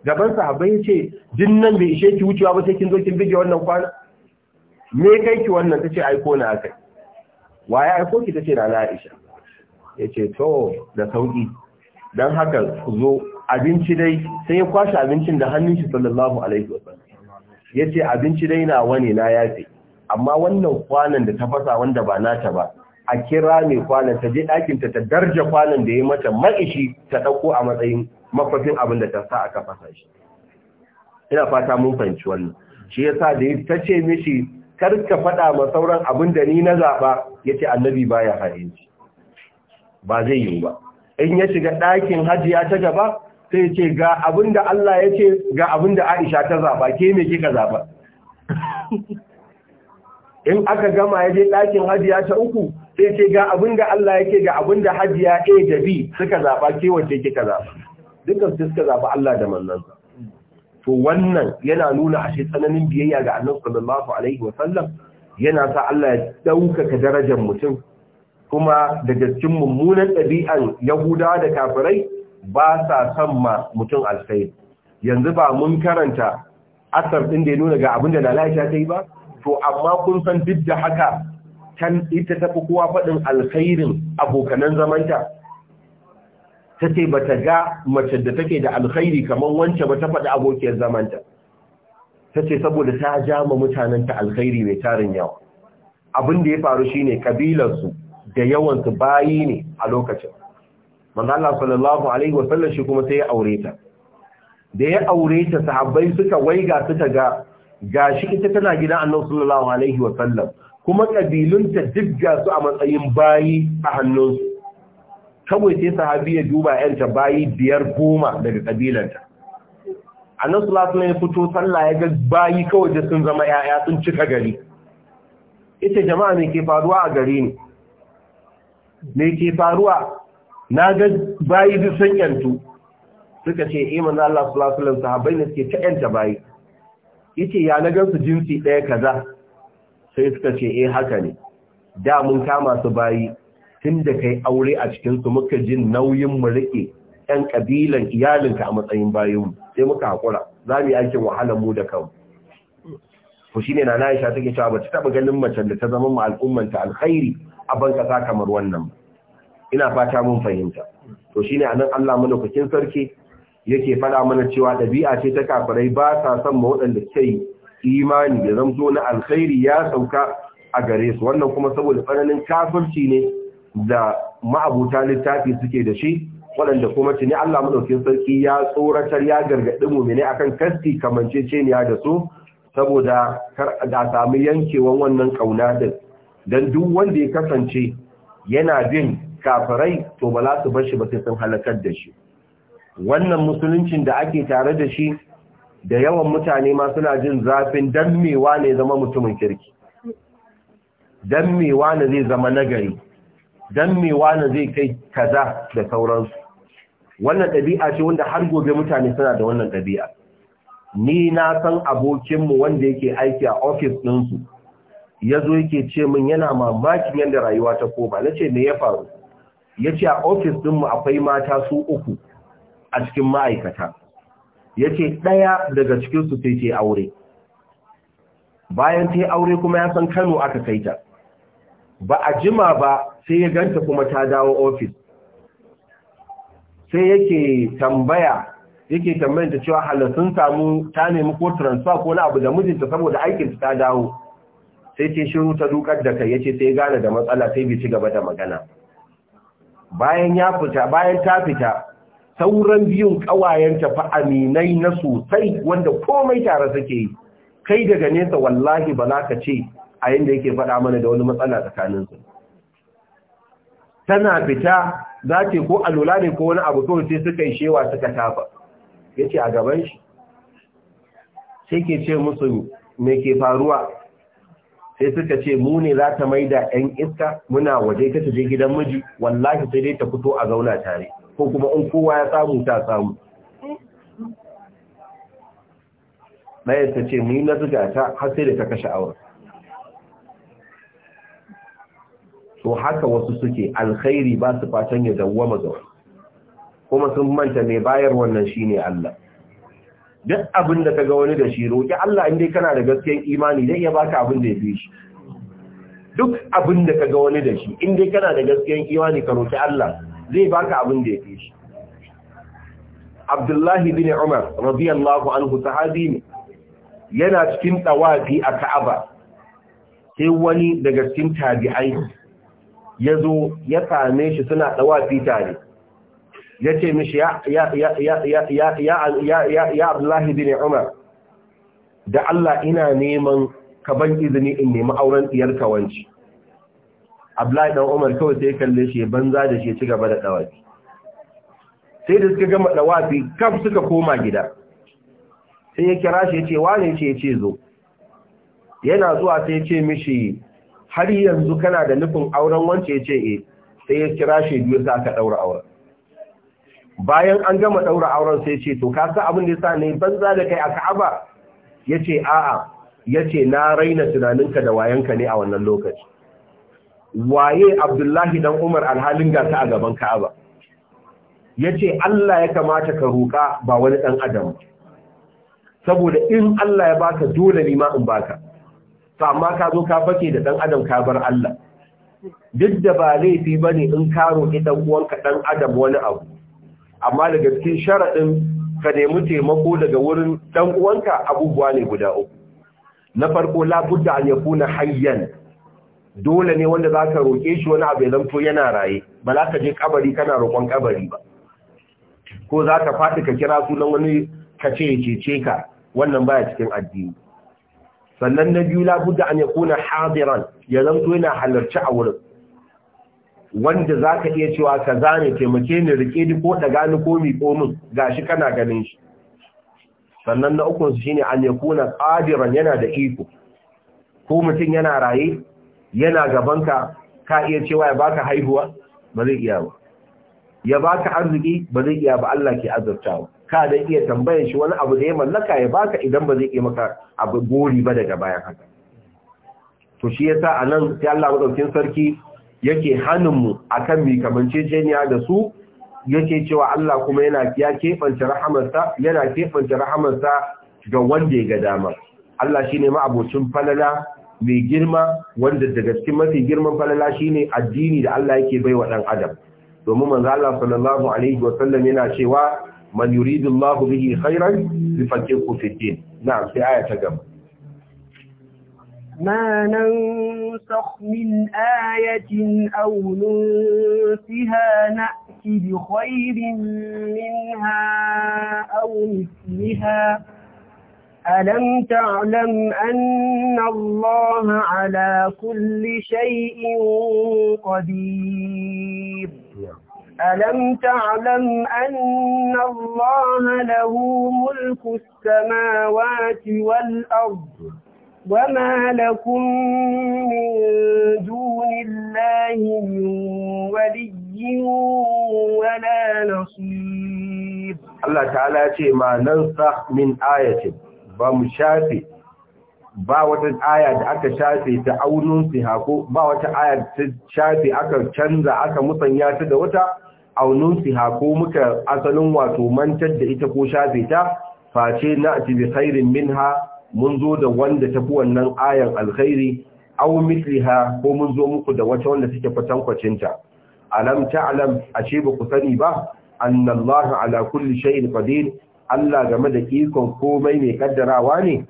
gaban sahabbai ya ce jin nan bai ishe ki wucewa ba sai kin zo kin bige wannan kwana me kai ki wannan tace aiko na akai waye aiko ki tace na na Aisha yace to da sauki dan haka ku zo abinci dai sai ya kwashi abincin da hannun shi sallallahu alaihi wasallam yace abinci dai na wane na yafe amma wannan kwanan da ta fasa wanda ba nata ba a kira mai kwanan ta je ɗakinta ta darja kwanan da ya mata ma'ishi ta ɗauko a matsayin mafafin abin da ta sa aka fasa shi ina fata mun fahimci wannan shi ya sa da ya ta ce mishi kar ka faɗa ma sauran abin da ni na zaɓa ya ce annabi ba baya ha'inci ba zai yi ba in ya shiga ɗakin hajiya ta gaba sai ce ga abin da Allah ya ce ga abin da Aisha ta zaɓa ke me kika zaɓa in aka gama ya je ɗakin hajiya ta uku sai ce ga abin da Allah yake ga abin da hajiya A da B suka zaba ke yake ka zaba dukkan su suka zaba Allah da manzansa to wannan yana nuna ashe tsananin biyayya ga Annabi sallallahu alaihi wa sallam yana sa Allah ya ɗaukaka darajar mutum kuma daga cikin mummunan ɗabi'an Yahuda da kafirai ba sa son ma mutum alkhairi yanzu ba mun karanta asar ɗin da ya nuna ga abin da lalaisha ta yi ba to amma kun san duk da haka can ita ta fi kowa faɗin alkhairin abokanan zamanta ta ce ba ta ga mace da take da alkhairi kamar wance ba ta faɗi abokiyar zamanta ta ce saboda ta ja ma mutanenta alkhairi mai tarin yawa abin da ya faru shine kabilarsu da yawansu bayi ne a lokacin manzo Allah sallallahu alaihi wasallam shi kuma sai ya aure ta da ya aure ta sahabbai suka waiga suka ga gashi ita tana gidan Annabi sallallahu alaihi wasallam kuma ƙabilunta duk ga su a matsayin bayi a hannunsu kawai sai sahabi ya duba yanta bayi biyar goma daga ƙabilanta su lasu ya fito sallah ya ga bayi kawai da sun zama yaya sun cika gari ita jama'a mai ke faruwa a gari ne mai ke faruwa na ga bayi duk sun yantu suka ce iman eh, Allah sulasuna sahabai ne suke ta yanta bayi yace ya na gansu jinsi ɗaya kaza sai suka ce eh haka ne da mun kama su bayi tun da kai aure a cikin su muka jin nauyin mu rike ɗan kabilan iyalinka a matsayin bayin sai muka hakura za mu yi aikin wahalar mu da kanmu ku shine na Aisha take cewa ba ta taba ganin mace da ta zama ma ta alkhairi a ban kasa kamar wannan ina fata mun fahimta to shine anan Allah madaukakin sarki yake fada mana cewa dabi'a ce ta kafirai ba sa son mu waɗanda ke imani da zamto na alkhairi ya sauka a gare su wannan kuma saboda tsananin kafirci ne da ma'abuta littafi suke da shi waɗanda kuma tuni Allah madaukakin sarki ya tsoratar ya gargaɗi ne akan kasti kamance kamanceceniya da su saboda kar a sami yankewan wannan kauna din dan duk wanda ya kasance yana bin kafirai to ba za su bar shi ba sai sun halakar da shi wannan musuluncin da ake tare da shi da yawan mutane ma suna jin zafin dan mewa ne zama mutumin kirki dan ne zai zama nagari dan mewa ne zai kai kaza da sauransu wannan ɗabi'a ce wanda har gobe mutane suna da wannan ɗabi'a ni na san abokinmu wanda yake aiki a ofis ɗinsu ya zo yake ce min yana mamakin yadda rayuwa ta koma na ce me ya faru ya ce a ofis ɗinmu akwai mata su uku a cikin ma'aikata yace ɗaya daga cikin su sai ce aure bayan ta aure kuma ya san Kano aka kai ta ba a jima ba sai ya ganta kuma ta dawo ofis sai yake tambaya yake tambayar ta cewa halar sun samu ta nemi ko transfer ko na abu da mijinta saboda aikin ta dawo sai ce shiru ta dukar da kai yace sai gane da matsala sai bai ci gaba da magana bayan ya fita bayan ta fita sauran biyun ƙawayenta fa aminai na sosai wanda komai tare suke yi kai daga nesa wallahi ba za ka ce a yadda yake faɗa mana da wani matsala tsakaninsu tana fita za ce ko alula ne ko wani abu kawai sai suka yi shewa suka tafa ya ce a gaban shi sai ke ce musu me ke faruwa sai suka ce mu ne za ta da 'yan iska muna waje ta je gidan miji wallahi sai dai ta fito a zauna tare ko kuma in kowa ya samu ta samu ɗaya ta ce mu yi na zuga ta har sai da ta kashe aure. to haka wasu suke alkhairi ba su fatan ya dawwama ga kuma sun manta mai bayar wannan shine Allah duk abin da ga wani da shi roƙi Allah in dai kana da gaskiyar imani zai ya baka abin da ya fi shi duk abin da ga wani da shi in dai kana da gaskiyar imani ka roƙi Allah zai baka abin da ya fi shi Abdullahi bin Umar radiyallahu anhu sahabi ne yana cikin ɗawafi a Ka'aba sai wani daga cikin tabi'ai ya zo ya same shi suna ɗawafi tare ya ce mishi ya Abdullahi bin Umar da Allah ina neman ka ban izini in nemi auren ɗiyar kawanci Abdullahi dan Umar kawai sai kalle shi banza da shi ci gaba da dawafi sai da suka gama dawafi kaf suka koma gida sai ya kira shi yace wane ce yace zo yana zuwa sai yace mishi har yanzu kana da nufin auren wance yace eh sai ya kira shi biyu sai aka daura auren bayan an gama daura auren sai yace to ka san abin da yasa ne banza da kai a Ka'aba yace a'a yace na raina tunaninka da wayanka ne a wannan lokaci waye Abdullahi dan Umar alhalin gasa a gaban Ka'aba yace Allah ya kamata ka roka ba wani ɗan adam saboda in Allah ya baka dole ne ma in baka to amma ka zo ka fake da ɗan adam ka bar Allah duk da ba laifi ba ne in ka roki ɗan uwanka ɗan adam wani abu amma da gaske sharaɗin ka nemi taimako daga wurin ɗan uwanka abubuwa ne guda uku na farko labudda an yakuna hayyan dole ne wanda za ka roƙe shi wani abu ya zanto yana raye ba za ka je kabari kana roƙon kabari ba ko za ka faɗi ka kira sunan wani ka ce cece ka wannan baya cikin addini sannan na biyu labudda an ya kuna hadiran ya zanto yana halarci a wurin wanda za ka iya cewa ka zane taimake ni rike ni ko ɗaga ni ko mi ko min shi kana ganin shi sannan na ukunsu shine an ya kuna qadiran yana da iko ko mutum yana raye yana gabanka ka iya cewa ya baka haihuwa ba zai iya ba ya baka arziki ba zai iya ba Allah ke azurtawa ka da iya tambayar shi wani abu da ya mallaka ya baka idan ba zai iya maka abu gori ba daga bayan haka to shi yasa anan sai Allah madaukin sarki yake mu akan mi kamanceceniya da su yake cewa Allah kuma yana ya kefance rahamarsa yana kefance rahamarsa ga wanda ya ga dama Allah shine abocin falala mai girma wanda daga cikin mafi girman falala shine addini da Allah yake baiwa dan adam domin manzo Allah sallallahu alaihi wa sallam yana cewa man yuridu Allah bihi khairan yufaqihu fi din na'am sai aya ta gaba ما ننسخ ayatin آية أو na نأتي ألم تعلم أن الله على كل شيء قدير ألم تعلم أن الله له ملك السماوات والأرض وما لكم من دون الله من ولي ولا نصير الله تعالى ما ننصح من آية ba mu shafe ba wata aya da aka shafe ta aunun ba wata aya ta shafe aka canza aka musanya ta da wata aunun siha ko muka asalin wato mantar da ita ko shafe ta face na bi khairin minha mun zo da wanda tafi wannan ayan alkhairi aw mithliha ko mun zo muku da wata wanda take fatan ta alam ta'lam ashe ba ku sani ba anna ala kulli shay'in qadir Allah game da ikon komai mai kaddarawa ne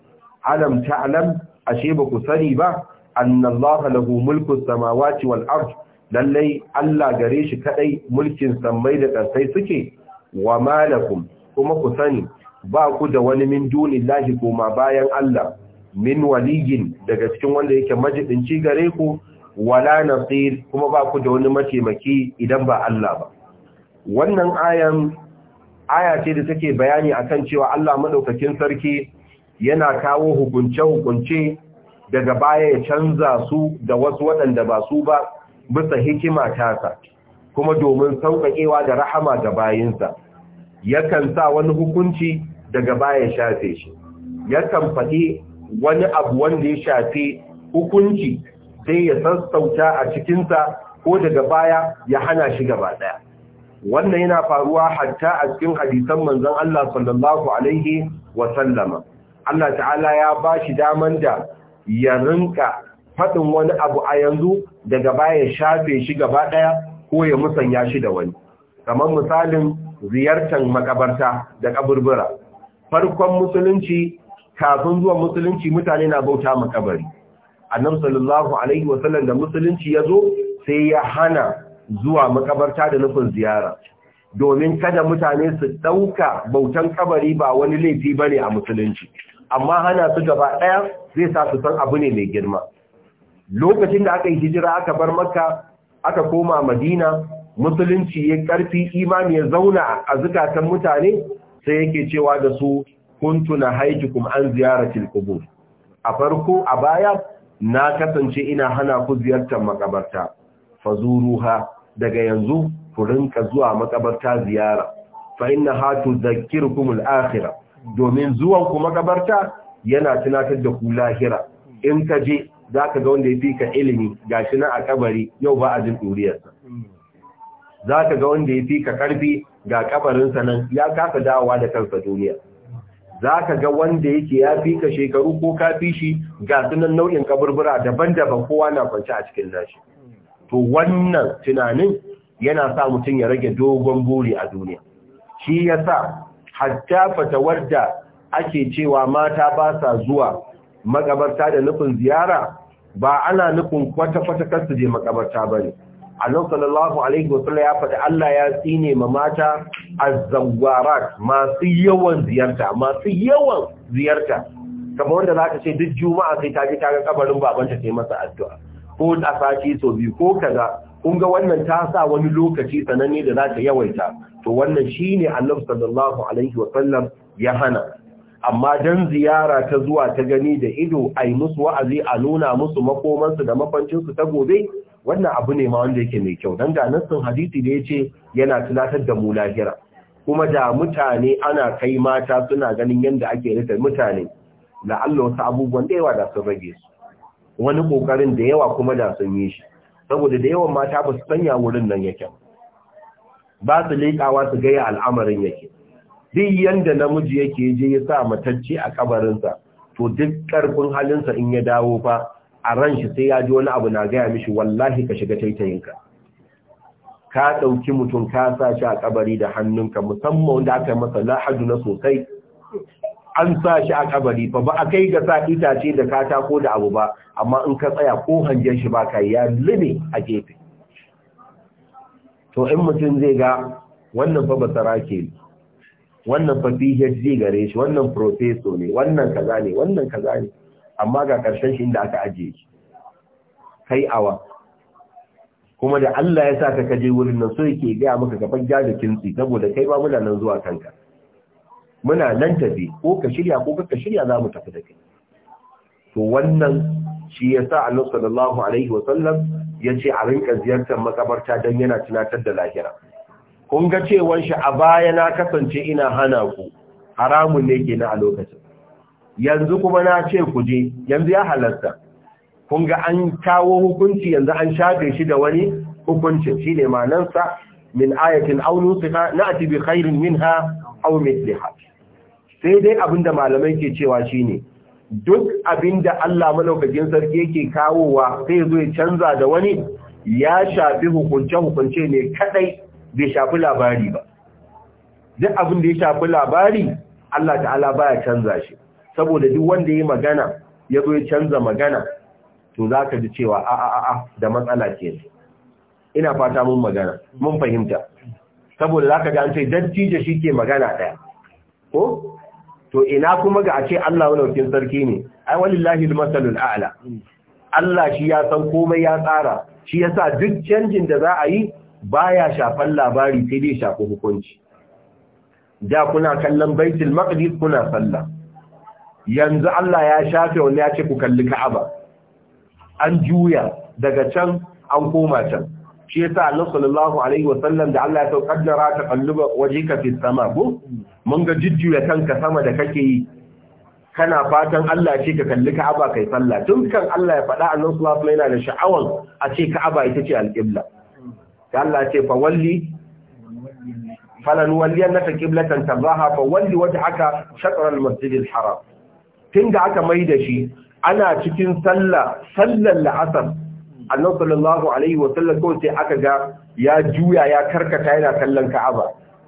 alam ta'lam ashe ba ku sani ba annallaha lahu mulkin samawati wal ard lallai Allah gare shi kadai mulkin sammai da ƙasai suke wa malakum kuma ku sani ba ku da wani min dunillahi goma bayan Allah min waligin daga cikin wanda yake ci gare ku wala nasir kuma ba ku da wani mataimaki idan ba Allah ba wannan ayan aya ce da take bayani akan cewa Allah madaukakin sarki yana kawo hukunce-hukunce daga baya ya canza su da wasu waɗanda ba su ba bisa hikima tasa kuma domin sauƙaƙewa da rahama ga bayinsa yakan sa wani hukunci daga baya ya shafe shi yakan faɗi wani abu wanda ya shafe hukunci sai ya sassauta a cikinsa ko daga baya ya hana shi gaba ɗaya wannan yana faruwa hatta a cikin hadisan manzon Allah sallallahu alaihi wa sallama Allah ta'ala ya bashi daman da ya rinka faɗin wani abu a yanzu daga baya shafe shi gaba daya ko ya musanya shi da wani kamar misalin ziyartar makabarta da kaburbura farkon musulunci kafin zuwa musulunci mutane na bauta makabari annabi sallallahu alaihi sallam da musulunci ya zo sai ya hana zuwa makabarta da nufin ziyara domin kada mutane su ɗauka bautan kabari ba wani laifi ba ne a musulunci amma hana su gaba ɗaya zai sa su san abu ne mai girma lokacin da aka yi hijira aka bar maka, aka koma madina musulunci ya ƙarfi imani ya zauna a zukatan mutane sai yake cewa da su kuntuna kuma an ziyaratul qubur a farko a baya na kasance ina hana ku ziyartar makabarta fazuruha daga yanzu furin ka zuwa makabarta ziyara fa inna hatu al akhirah domin zuwan ku makabarta yana tunatar da ku lahira in ka je zaka ga wanda yafi ka ilimi gashi na a kabari yau ba a jin duriyarsa zaka ga wanda yafi ka karfi ga kabarinsa nan ya kafa dawowa da kansa duniya zaka ga wanda yake ya fi ka shekaru ko kafishi ga sunan nau'in kaburbura daban-daban kowa na kwance a cikin nashi to wannan tunanin yana sa mutum ya rage dogon buri a duniya shi yasa hatta fatawar da ake cewa mata ba sa zuwa makabarta da nufin ziyara ba ana nufin kwata-kwata kar su je makabarta bane annabi sallallahu alaihi wasallam ya faɗi Allah ya tsine ma mata azzawwarat masu yawan ziyarta masu yawan ziyarta kamar wanda zaka ce duk juma'a sai ta ji ta ga kabarin babanta sai masa addu'a ko a sati so biyu ko kaza kun ga wannan ta sa wani lokaci sananne da za ta yawaita to wannan shine annabi sallallahu alaihi wasallam ya hana amma dan ziyara ta zuwa ta gani da ido ai musu wa'azi a nuna musu makomansu da mafancinsu ta gobe wannan abu ne ma wanda yake mai kyau dan ga nassin hadisi da yace yana tunatar da mu lahira kuma da mutane ana kai mata suna ganin yadda ake rufe mutane la'allahu wasu abubuwan da yawa da sun rage su wani kokarin da yawa kuma da sun yi shi saboda da yawan mata ba su sanya wurin nan yake ba su leƙawa su gaya al'amarin yake duk yanda namiji yake je ya sa matacce a kabarinsa to duk ƙarfin halinsa in ya dawo fa a ran shi sai ya ji wani abu na gaya mishi wallahi ka shiga taitayinka ka ɗauki mutum ka sa shi a kabari da hannunka musamman wanda aka yi masa lahadu na sosai an sa shi a kabari fa ba a kai ga sa itace da katako da abu ba amma in ka tsaya ko hangen shi ba ka ya lime a gefe to in mutum zai ga wannan fa basara ke wannan fa PhD gare shi wannan professor ne wannan kaza ne wannan kaza ne amma ga karshen shi inda aka ajiye shi kai awa kuma da Allah ya sa ka kaje wurin nan so yake ga maka gaban da tsi saboda kai ba muna nan zuwa kanka muna nan tafi ko ka shirya ko ka shirya za mu tafi da kai to wannan shi ya sa sallallahu alaihi wasallam ya ce a rinka ziyartar makabarta don yana tunatar da lahira kun ga cewar shi a baya na kasance ina hana ku haramun ne ke na a lokacin yanzu kuma na ce ku je yanzu ya halarta kun ga an kawo hukunci yanzu an shafe shi da wani hukuncin shi ne manansa min ayatin aunu na ati bi khairin minha aw mithliha sai dai abinda malamai ke cewa shine duk abinda Allah madaukakin sarki yake kawowa sai zo ya canza da wani ya shafi hukunce hukunce ne kadai bai shafi labari ba duk abinda ya shafi labari Allah ta'ala baya canza shi saboda duk wanda ya magana ya zo ya canza magana to za ji cewa a a a da matsala ke ina fata mun magana mun fahimta saboda zaka ga an ce dattijo ke magana ɗaya. ko to ina kuma ga a ce Allah walaukin sarki ne ai wallahi masalul a'la Allah shi ya san komai ya tsara shi yasa duk canjin da za a yi baya shafan labari sai dai shafi hukunci da kuna kallon baitul maqdis kuna sallah yanzu Allah ya shafe wani ya ce ku kalli Ka'aba an juya daga can an koma can shi yasa Allah sallallahu alaihi sallam da Allah ya saukaddara ta kalluba wajhika fi sama ko mun ga jujjuya kanka sama da kake yi kana fatan Allah ce ka kalli Ka'aba kai sallah tun kan Allah ya faɗa Allah sallallahu alaihi yana da sha'awan a ce Ka'aba ita ce al-qibla da Allah ce fa walli falan walliyannaka qiblatan tabaha fa walli wajhaka shatr al-masjid al-haram tun da aka mai da shi ana cikin sallah sallar la'asar annabi sallallahu alaihi wa sallam ko sai aka ga ya juya ya karkata yana kallon Ka'aba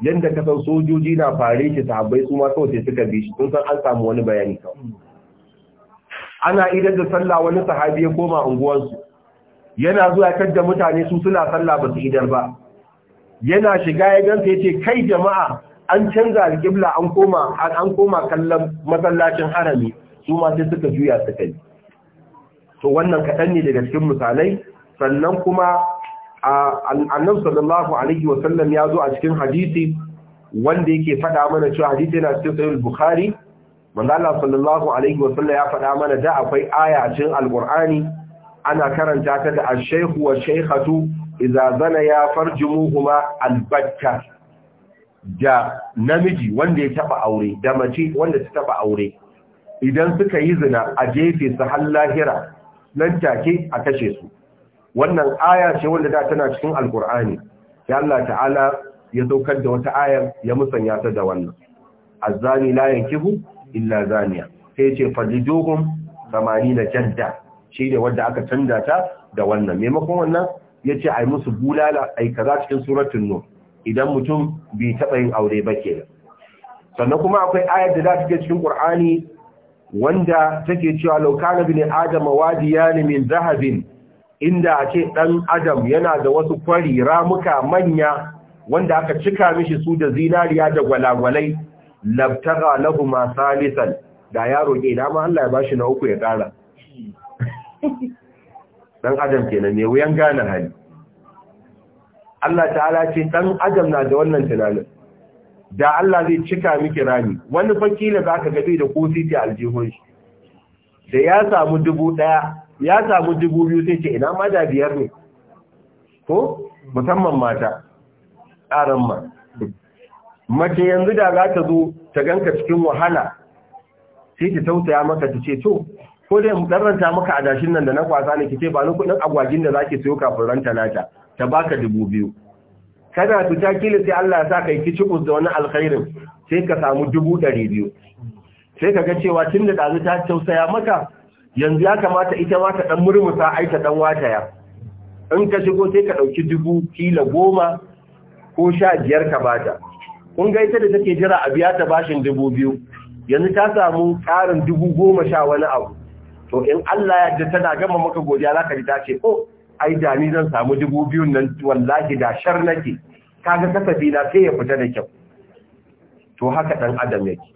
yadda ka san sojoji na fare shi sahabbai su ma kawai sai suka bi shi sun san an samu wani bayani kawai ana idan da sallah wani sahabi ya koma unguwarsu yana zuwa da mutane su suna sallah ba su idar ba yana shiga ya sai ce kai jama'a an canza alƙibla an koma an koma kallon masallacin harami su sai suka juya suka yi to wannan kaɗan ne daga cikin misalai sannan kuma annan sallallahu alaihi wasallam ya zo a cikin hadisi wanda yake faɗa mana cewa hadisi yana cikin sahih bukhari manzo Allah sallallahu alaihi wasallam ya faɗa mana da akwai aya a cikin alqur'ani ana karanta ta da ash-shaykhu wa shaykhatu idza zana ya farjumuhuma albatta da namiji wanda ya taba aure da mace wanda ta taba aure idan suka yi zina a jefe su har lahira nan take a kashe su wannan aya ce wanda da tana cikin alkur'ani ya Allah ta'ala ya saukar da wata ayar ya musanya ta da wannan azzani la yankihu illa zaniya sai ce zamani samanina jadda shi ne wanda aka canza ta da wannan maimakon wannan ya ce ai musu bulala ai kaza cikin suratul nur idan mutum bai taɓa yin aure ba kenan sannan kuma akwai ayar da za ta cikin qur'ani wanda take cewa laukana bin adam wadiyan min zahabin inda ake dan adam yana da wasu kwari ramuka manya wanda aka cika mishi su da zinariya da gwalagwalai labtaga lahuma salisan da yaro ke da ma Allah ya bashi na uku ya kara dan adam kenan ne wuyan gane hali Allah ta'ala ce dan adam na da wannan tunanin da Allah zai cika miki rami wani fakila za ka gabe da kositi aljihun shi da ya samu dubu ɗaya ya samu dubu biyu sai ce ina ma da biyar ne ko musamman mata ƙaran ma mace yanzu da za ta zo ta ganka cikin wahala sai ta tausaya maka ta ce to ko dai mu ranta maka adashin nan da na kwasa ne ki ce ba ni kuɗin agwagin da zaki siyo kafin ranta nata ta baka dubu biyu kana fita kila sai Allah ya sa kai kicikus da wani alkhairin sai ka samu dubu ɗari biyu sai ka ga cewa tun da dazu ta tausaya maka yanzu ya kamata ita ma ta ɗan murmusa ai ta ɗan wataya in ka shigo sai ka ɗauki dubu kila goma ko sha biyar ka bata kun ga ita da take jira a biya ta bashin dubu biyu yanzu ta samu ƙarin dubu goma sha wani abu to in Allah ya yarda tana gama maka godiya za ka ji ta ce oh ai da ni zan samu dubu biyu nan wallahi da shar nake kaga kasafi na sai ya fita da kyau to haka dan adam yake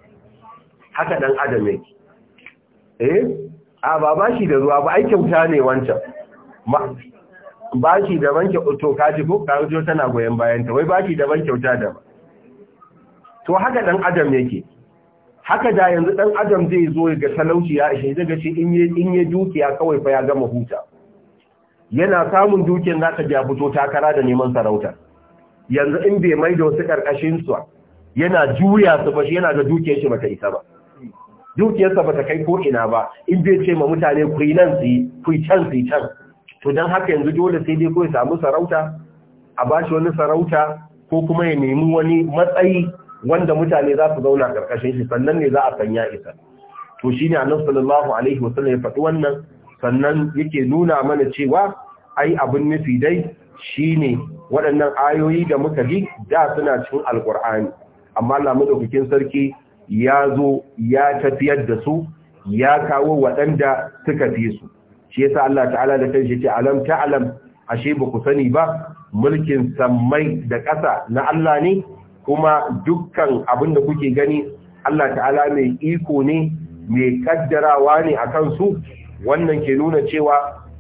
haka dan adam yake eh a ba bashi da ruwa ba ai kyauta ne wancan shi da banke to kaji ko kajo tana goyen bayan ta wai shi da ban kyauta da to haka dan adam yake haka da yanzu dan adam zai zo ga talauci ya ishe daga shi in ya in yi dukiya kawai fa ya gama huta yana samun dukiyar za ta fito takara da neman sarauta yanzu in bai mai da wasu karkashin su yana juya su ba shi yana ga dukiyar shi bata isa ba dukiyarsa ta kai ko ina ba in bai ce ma mutane ku yi nan su yi ku yi can su yi can to don haka yanzu dole sai dai kawai samu sarauta a bashi wani sarauta ko kuma ya nemi wani matsayi wanda mutane za su zauna karkashin shi sannan ne za a sanya isa to shine annabi sallallahu alaihi wasallam ya faɗi wannan sannan yake nuna mana cewa ai abin nufi dai shine waɗannan ayoyi da muka ji da suna cikin alkur'ani amma Allah madaukakin sarki ya zo ya tafiyar da su ya kawo waɗanda suka fi su shi yasa Allah ta'ala da kanshi ce alam ta'lam ashe ba ku sani ba mulkin samai da ƙasa na Allah ne kuma dukkan abin da kuke gani Allah ta'ala mai iko ne mai kaddarawa ne a kansu wannan ke nuna cewa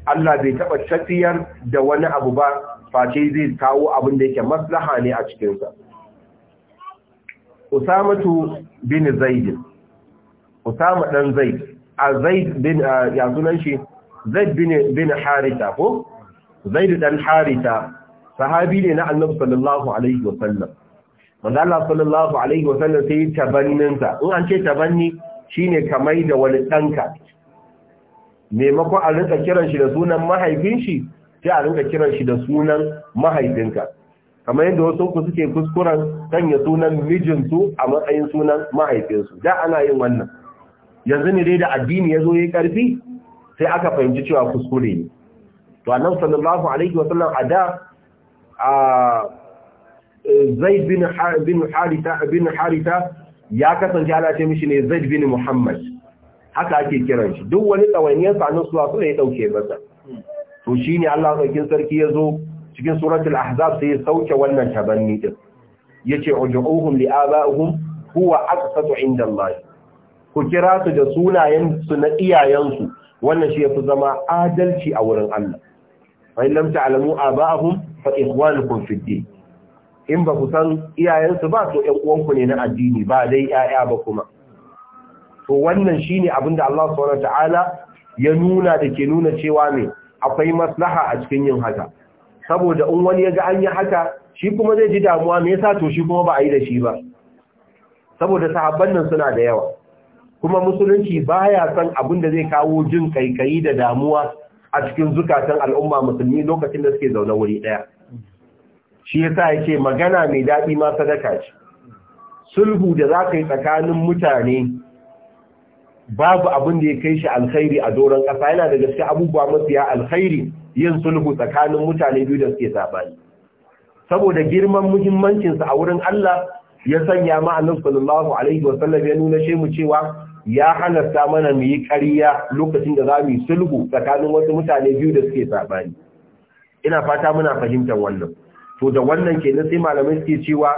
Allah bai taɓa tafiyar da wani abu ba face zai kawo abin da yake maslaha ne a cikinsa. Usamatu bin Zaid. Usama dan Zaid. A Zaid bin ya sunan shi Zaid bin bin Harita ko? Zaid dan Harita sahabi ne na Annabi sallallahu alaihi wasallam. Manzo Allah sallallahu alaihi wasallam sai tabanninsa. In an ce tabanni shine kamai da wani danka maimakon a rinka kiran shi da sunan mahaifin sai a rinka kiran shi da sunan mahaifinka kamar yadda wasu ku suke kuskuren sanya sunan mijinsu a matsayin sunan mahaifinsu da ana yin wannan yanzu ne dai da addini ya zo ya karfi sai aka fahimci cewa kuskure ne to annabi sallallahu alaihi wa sallam ada a eh, zaid bin bin harita bin harita ya kasance ana ce mishi ne zaid bin muhammad haka ake kiran shi duk wani tsawaniyar sanin suwa suna ya dauke masa to ne Allah sarkin sarki ya zo cikin suratul ahzab sai ya sauke wannan tabanni din yace ud'uhum li'aba'ihim huwa aqsatu inda Allah ku kira su da sunayen su na iyayensu wannan shi yafi zama adalci a wurin Allah fa lam ta'lamu aba'ahum fa ikhwanukum fid din in ba ku san iyayensu ba to ƴan uwanku ne na addini ba dai ƴaƴa ba kuma to wannan shine abin da Allah subhanahu ta'ala ya nuna da ke nuna cewa ne akwai maslaha a cikin yin haka saboda in wani ya ga an yi haka shi kuma zai ji damuwa me yasa to shi kuma ba a yi da shi ba saboda sahabban nan suna da yawa kuma musulunci baya son abin da zai kawo jin kaikayi da damuwa a cikin zukatan al'umma musulmi lokacin da suke zaune wuri daya shi yasa yake magana mai daɗi ma sadaka ce sulhu da za ka yi tsakanin mutane babu abin da ya kai shi alkhairi a doron ƙasa yana da gaske abubuwa mafiya alkhairi yin sulhu tsakanin mutane biyu da suke sabani saboda girman muhimmancinsa a wurin Allah ya sanya ma annabi sallallahu alaihi sallam ya nuna shi mu cewa ya halarta mana mu yi ƙarya lokacin da za mu yi sulhu tsakanin wasu mutane biyu da suke sabani ina fata muna fahimtar wannan to da wannan kenan sai malamai suke cewa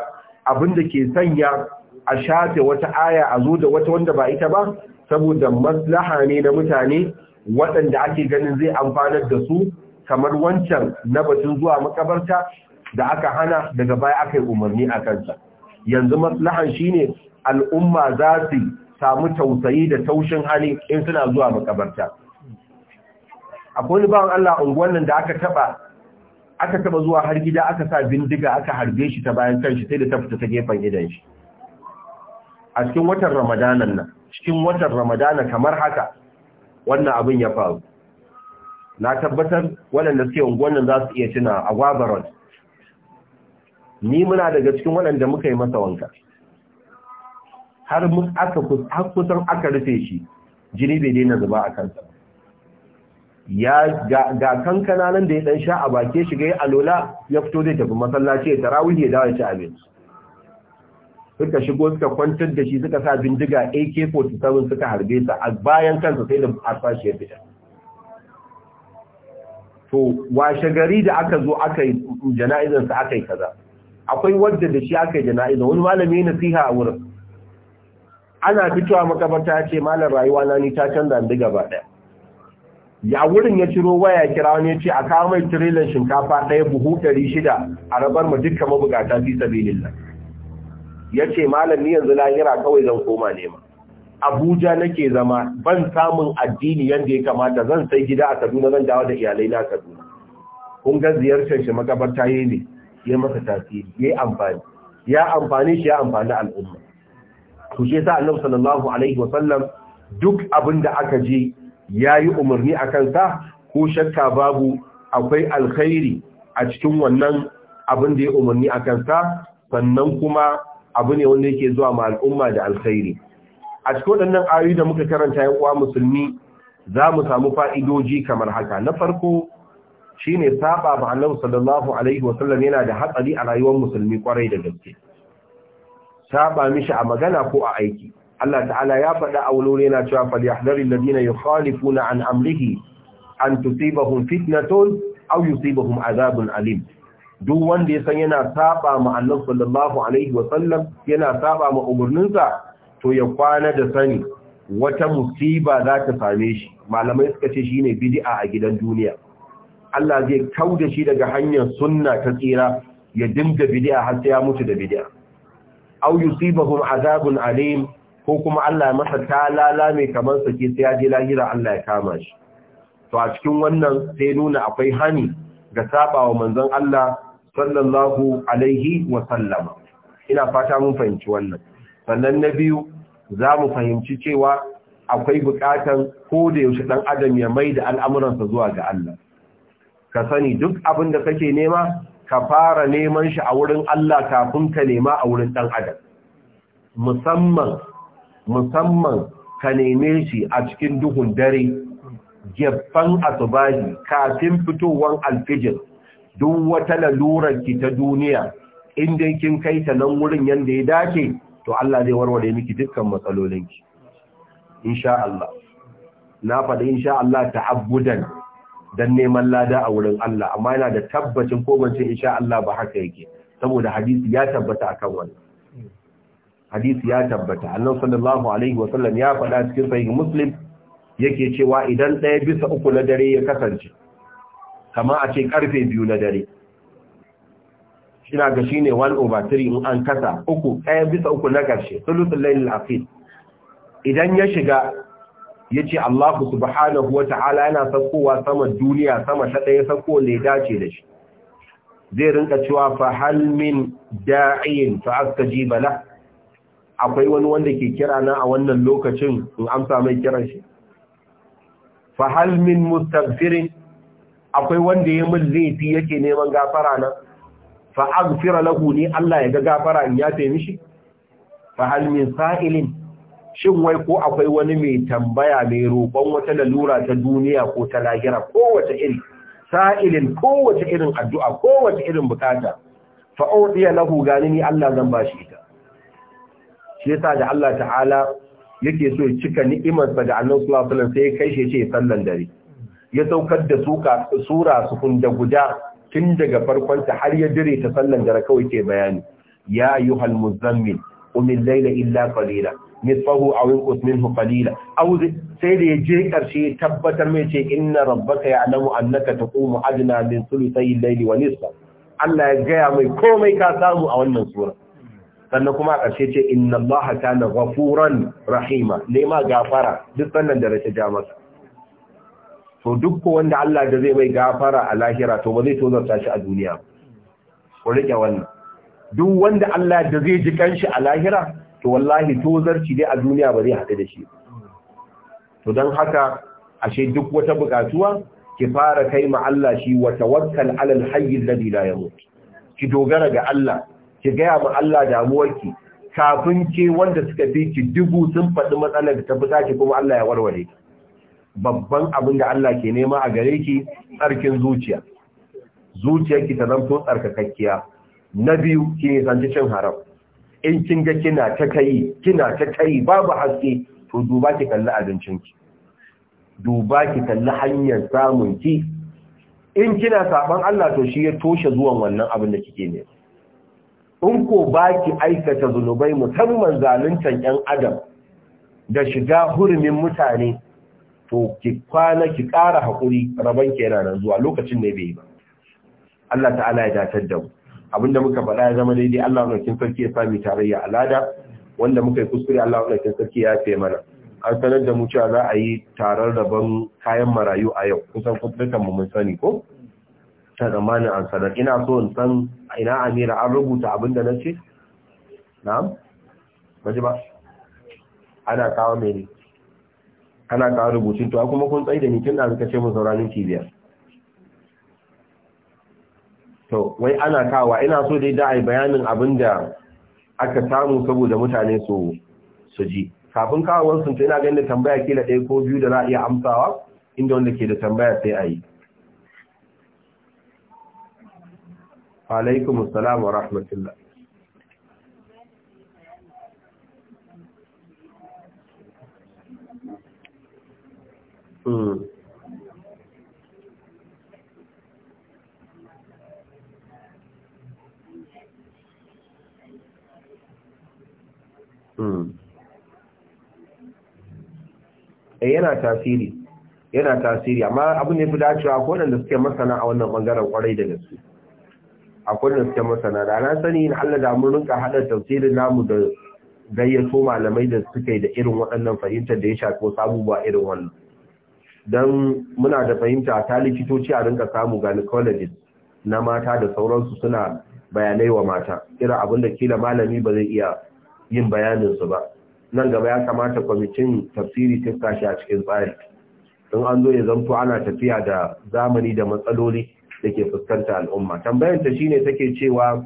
abin da ke sanya a shafe wata aya a zo da wata wanda ba ita ba saboda maslaha ne na mutane waɗanda ake ganin zai amfanar da su kamar wancan na batun zuwa makabarta da aka hana daga baya aka yi umarni a kansa yanzu maslahan shine al'umma za su samu tausayi da taushin hali in suna zuwa makabarta akwai wani bawan Allah unguwannin da aka taba aka taba zuwa har gida aka sa bindiga aka harbe shi ta bayan kanshi sai da ta fita ta gefen gidan shi a cikin watan ramadanan nan cikin watan ramadana kamar haka wannan abin ya faru na tabbatar waɗanda suke unguwannin za su iya cina a gwabaron ni muna daga cikin waɗanda muka yi masa wanka har kusan aka rufe shi jini bai daina zuba a kansa ya ga kankana nan da ya ɗan sha a bake shiga ya alola ya fito zai tafi masallaci ya tarawih ya dawo ya ci abinci suka shigo suka kwantar da shi suka sa bindiga AK47 suka harbe sa a bayan kansa sai da shi ya fita to washe gari da aka zo aka yi jana'izar aka yi kaza akwai wadda da shi aka yi jana'izan wani malami nasiha a wurin ana fitowa makabarta ya ce malam rayuwa na ni ta canza ni gaba daya ya wurin ya ciro waya kira wani ya ce a kawo mai trailer shinkafa ɗaya buhu ɗari shida a rabar mu dukkan mabugata fi sabilillah ya ce malam ni yanzu lahira kawai zan koma nema abuja nake zama ban samun addini yadda ya kamata zan sai gida a kaduna zan dawo da iyalai na kaduna kun ga ziyartar shi makabarta yi ne ya masa tasiri ya amfani ya amfani shi ya amfani al'umma to shi yasa annabi sallallahu alaihi wa sallam duk abin da aka je yayi umarni a kansa? ko shakka babu akwai alkhairi a cikin wannan abin da ya umarni a kansa? sannan kuma abu ne wanda yake zuwa ma al'umma da alkhairi a cikin waɗannan ayoyi da muka karanta yan uwa musulmi za mu samu fa'idoji kamar haka na farko shine saba ba annabi sallallahu alaihi wasallam yana da hatsari a rayuwar musulmi kwarai da gaske saba mishi a magana ko a aiki Allah ta'ala ya faɗa a wulure yana cewa falyahdaril ladina yukhalifuna an amrihi an tusibahum fitnatun aw yusibahum azabun alim duk wanda ya san yana saba ma Allah sallallahu alaihi wa sallam yana saba ma umurninsa to ya kwana da sani wata musiba za ta same shi malamai suka ce shine bid'a a gidan duniya Allah zai kauda shi daga hanyar sunna ta tsira ya dinga bid'a har sai ya mutu da bid'a aw yusibahum azabun alim ko kuma Allah ya masa talala mai kamar sake sai ya je lahira Allah ya kama shi to a cikin wannan sai nuna akwai hani ga sabawa manzon Allah sallallahu alaihi wa sallama ina fata mun fahimci wannan sannan na biyu za mu fahimci cewa akwai bukatan ko da yaushe dan adam ya mai da al'amuransa zuwa ga Allah ka sani duk abin da kake nema ka fara neman shi a wurin Allah kafin ka nema a wurin dan adam musamman musamman ka neme shi a cikin duhun dare gefan asubahi kafin fitowar alfijir duk wata lalurar ki ta duniya in dai kin kai ta nan wurin yanda ya dace to Allah zai warware miki dukkan matsalolinki insha Allah na faɗi insha Allah ta'abbudan dan neman lada a wurin Allah amma yana da tabbacin ko ban ce insha Allah ba haka yake saboda hadisi ya tabbata akan wannan hadisi ya tabbata Allah sallallahu alaihi wa sallam ya faɗa cikin sahih muslim yake cewa idan ɗaya bisa uku na dare ya kasance kama a ce karfe biyu na dare shina ga ne 1 over 3 in an kasa uku ɗaya bisa uku na ƙarshe sulusul lailil akhir idan ya shiga ya yace Allahu subhanahu ta'ala yana sakowa sama duniya sama ta ɗaya sako ne dace da shi zai rinka cewa fa hal min da'in fa ji bala akwai wani wanda ke kira na a wannan lokacin in amsa mai kiran shi fa hal min akwai wanda ya min laifi yake neman gafara nan fa aghfira lahu ni Allah ya ga gafara in ya tayi mishi fa hal min sa'ilin shin wai ko akwai wani mai tambaya mai roƙon wata lalura ta duniya ko ta lahira kowace iri sa'ilin ko wata irin addu'a ko kowace irin bukata fa udiya lahu gani ni Allah zan bashi ita shi yasa da Allah ta'ala yake so ya cika ni'imarsa da Annabi sallallahu alaihi wasallam sai ya kai shi ya ce sallan dare ya saukar da sura su kunda guda tun daga farkon ta har ya dire ta sallan dare kawai ke bayani ya ayyuhal muzammil qumil Laila illa qalila nisfahu aw inqus minhu qalila aw sai da ya je karshe tabbatar mai ce inna rabbaka ya'lamu annaka taqumu adna min thuluthay al-layli wa nisfa Allah ya gaya mai komai ka samu a wannan sura sannan kuma a ƙarshe ce inna allaha kana ghafuran rahima nema gafara duk sannan da rashin ja masa to duk wanda Allah da zai mai gafara a lahira to ba zai tozarta shi a duniya ku rike wannan duk wanda Allah da zai ji kanshi a lahira to wallahi tozarci dai a duniya ba zai haɗu da shi to don haka ashe duk wata buƙatuwa ki fara kai ma Allah shi wa tawakkal alal hayy alladhi la yamut ki dogara ga Allah ki gaya ma Allah damuwarki kafin ke wanda suka fi ki dubu sun faɗi matsalar ta fita ki kuma Allah ya warware ki babban abin da Allah ke nema a gare ki tsarkin zuciya Zuciya ki ta zanto tsarkakakkiya na biyu ki nisanci cin haram in kin ga kina ta kai kina ta kai babu haske to duba ki kalli abincin ki, duba ki kalli hanyar samun ki in kina saban Allah to shi ya toshe zuwan wannan abin da kike ne in ko baki aikata zunubai musamman zaluntan yan adam da shiga hurumin mutane to ki kwana ki ƙara hakuri raban ki yana nan zuwa lokacin ne bai yi ba Allah ta'ala ya datar da mu abinda muka faɗa ya zama daidai Allah ɗaukin sarki ya sami tarayya alada wanda muka yi kuskure Allah ɗaukin sarki ya fe mana an sanar da mu cewa za a yi taron rabon kayan marayu a yau kusan kusurkan mu mun sani ko ta zamanin an sanar ina so in san ina amira an rubuta abinda na ce na'am ba ana kawo mai ne ana ka rubutun to kuma kun tsaye da ni tun da ce mu sauraron cibiyar to wai ana kawa ina so dai da ai bayanin abin da aka samu saboda mutane su su ji kafin kawo sun ina ganin tambaya kila ɗaya ko biyu da za a iya amsawa inda wanda ke da tambaya sai a yi alaikum assalam wa rahmatullah Eh, yana tasiri yana tasiri amma abin ya fi dacewa ko wadanda suke masana a wannan bangaren kwarai da gaske akwai wadanda suke masana da na sani in Allah da mun rinka hada tafsirin namu da gayyato malamai da suke da irin waɗannan fahimtar da ya shafi wasu abubuwa irin wannan don muna da fahimta ta likitoci a rinka samu gynecologist na mata da sauransu suna bayanai wa mata irin abin da kila malami ba zai iya yin bayanin su ba nan gaba ya kamata kwamitin tafsiri ta a cikin tsari in an zo ya zanto ana tafiya da zamani da matsaloli da ke fuskanta al'umma tambayar ta shine take cewa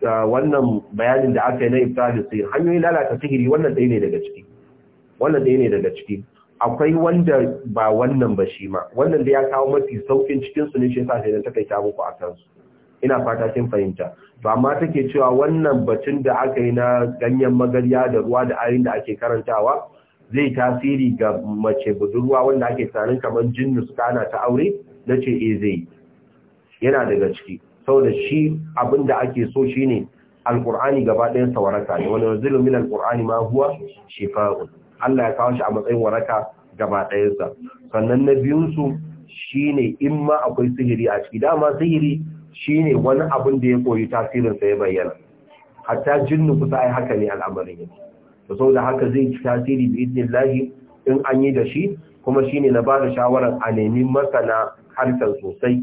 wannan bayanin da aka yi na iftari sai hanyoyin lalata sihiri wannan ɗaya ne daga ciki wannan ɗaya ne daga ciki akwai wanda ba wannan ba shi ma wannan da ya kawo mafi saukin cikin su ne shi yasa sai ta ta muku akan su ina fata kin fahimta to amma take cewa wannan batun da aka yi na ganyen magarya da ruwa da ayin da ake karantawa zai tasiri ga mace budurwa wanda ake tsarin kamar jinnu su kana ta aure na ce eh zai yana daga ciki saboda shi abin da ake so shine alqur'ani gaba ɗayan sawaraka ne wani zulumin alqur'ani ma huwa shifa'un Allah ya kawo shi a matsayin waraka gaba ɗayansa sannan na biyunsu shi ne in ma akwai sihiri a ciki dama sihiri shi ne wani abin da ya koyi tasirinsa ya bayyana hatta jinnu kusa ai haka ne al'amarin yake to saboda haka zai ci tasiri bi idnillahi in an yi da shi kuma shine na ba da shawarar a nemi masana harkar sosai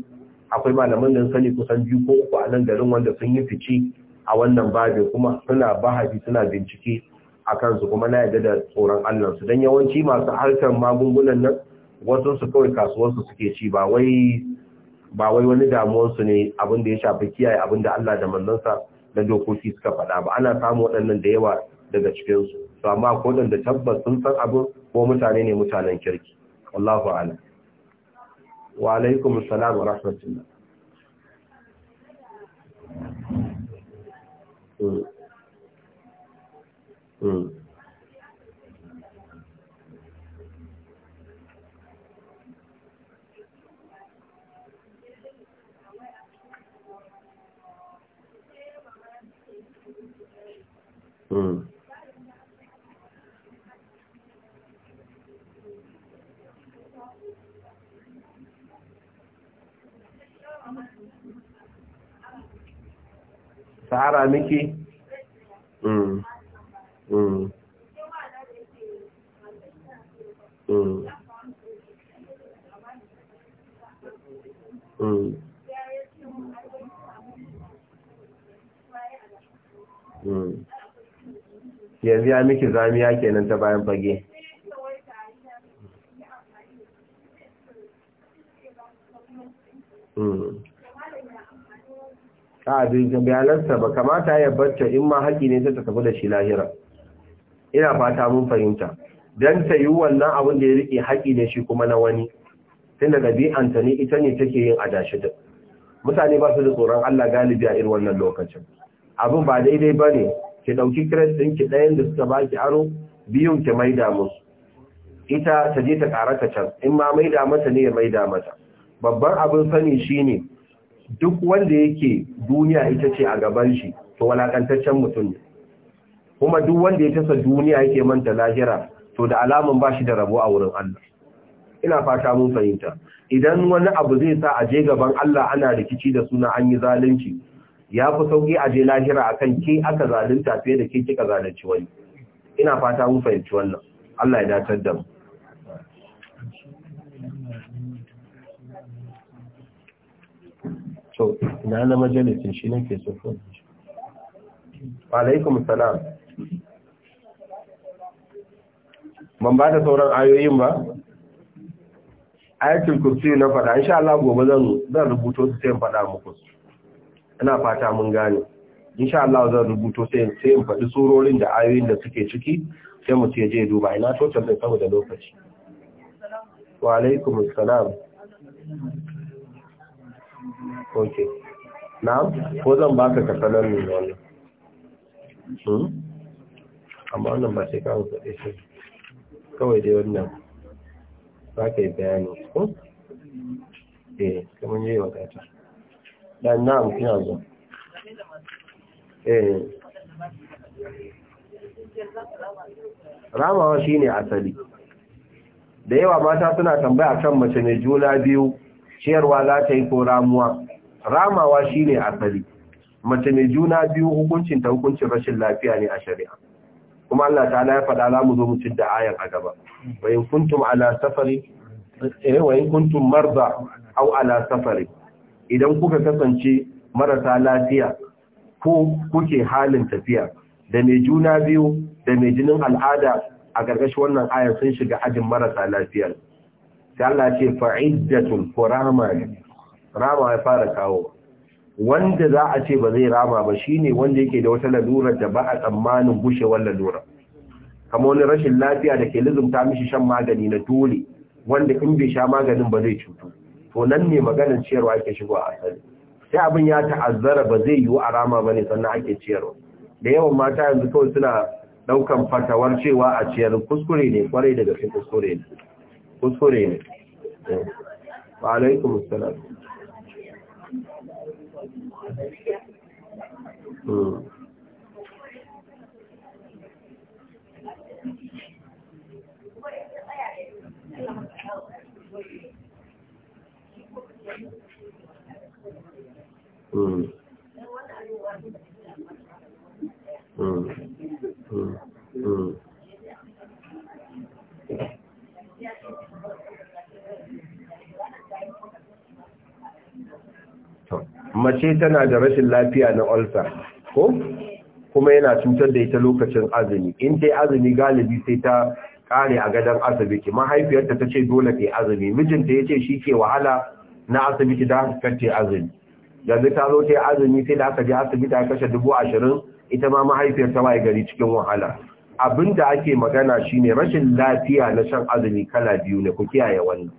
akwai malaman da sani kusan biyu ko uku a nan garin wanda sun yi fici a wannan babin kuma suna bahafi suna bincike a kansu kuma na yadda da tsoron Allah don yawanci masu harkar magungunan nan wasu su kawai kasuwarsu suke ci ba wai ba wani damuwarsu ne abin da ya shafi kiyaye abin da Allah da manzansa da dokoki suka faɗa ba ana samu waɗannan da yawa daga cikinsu su amma ko da tabbas sun san abin ko mutane ne mutanen kirki wallahu Hmm. Hmm. sahara miki? Mm. yanzu ya miki zamiya kenan ta bayan fage a abin bayanarsa ba kamata ya bacci in ma haƙi ne ta tafi da shi lahira ina fata mun fahimta dan ta yi wannan abin da ya rike haƙi ne shi kuma na wani tunda ɗabi'anta ne ita ne take yin adashi din mutane ba su da tsoron Allah galibi a irin wannan lokacin abin ba daidai ba ne ki ɗauki kiret ɗin ki ɗayan da suka baki aro biyun ki maida musu ita ta je ta karaka can in ma maida mata ne ya maida mata babban abin sani shine duk wanda yake duniya ita ce a gaban shi to walakantaccen mutum ne kuma duk wanda ya tasa duniya yake manta lahira to da alamun ba shi da rabo a wurin Allah ina fata mun fahimta idan wani abu zai sa aje gaban Allah ana rikici da suna an yi zalunci ya fi sauki aje lahira akan ke aka zalunta fiye da ke kika zalunci wani ina fata mun fahimci wannan Allah ya dace da mu to ina na majalisin shi nake so wa alaikum salam ban ba ta sauran ayoyin ba ayatul kursi na faɗa insha Allah gobe zan zan rubuto su sai in faɗa muku ina fata mun gane insha Allah zan rubuto sai sai in faɗi surorin da ayoyin da suke ciki sai mu ce je duba ina ta sai saboda lokaci wa alaikum assalam okay na'am ko zan baka ka sanar ni wannan hmm? amma wannan ba sai kawo kuɗi shi kawai dai wannan za ka yi bayani ko? eh kamar yi wadata dan na amfina zo e eh. ramawa shi ne asali da yawa mata suna tambaya kan mace mai juna biyu ciyarwa za ta yi ko ramuwa ramawa shi ne asali mace mai juna biyu hukuncin ta hukuncin rashin lafiya ne a shari'a kuma Allah ta'ala ya faɗa za zo mu cidda ayan a gaba wa kuntum ala safari eh, wa in kuntum marda aw ala safari idan kuka kasance marasa lafiya ko kuke halin tafiya da mai juna biyu da mai jinin al'ada a gargashin wannan ayan sun shiga ajin marasa lafiya. sai Allah ce fa'iddatun ko rama rama ya fara kawo wanda za a ce ba zai rama ba shine wanda yake da wata lalurar da ba a tsammanin bushewar lalura kama wani rashin lafiya da ke lizumta mishi shan magani na dole wanda in bai sha maganin ba zai cutu to nan ne maganin ciyarwa ake shigo a asali sai abin ya ta'azzara ba zai yiwu a rama ba ne sannan ake ciyarwa da yawan mata yanzu kawai suna ɗaukan fatawar cewa a ciyar kuskure ne kwarai da gaske kuskure ne kuskure ne wa alaikum assalam mace tana da rashin lafiya na ulcer ko kuma yana cutar da ita lokacin azumi in dai azumi galibi sai ta kare a gadon asibiti mahaifiyarta ta ce dole ta azumi mijinta ya ce shi ke wahala na asibiti da aka kace azumi yanzu ta zo ta yi azumi sai da aka je asibiti aka kashe dubu ashirin ita ma mahaifiyarta ta gari cikin wahala abin da ake magana shine rashin lafiya na shan azumi kala biyu ne ku kiyaye wannan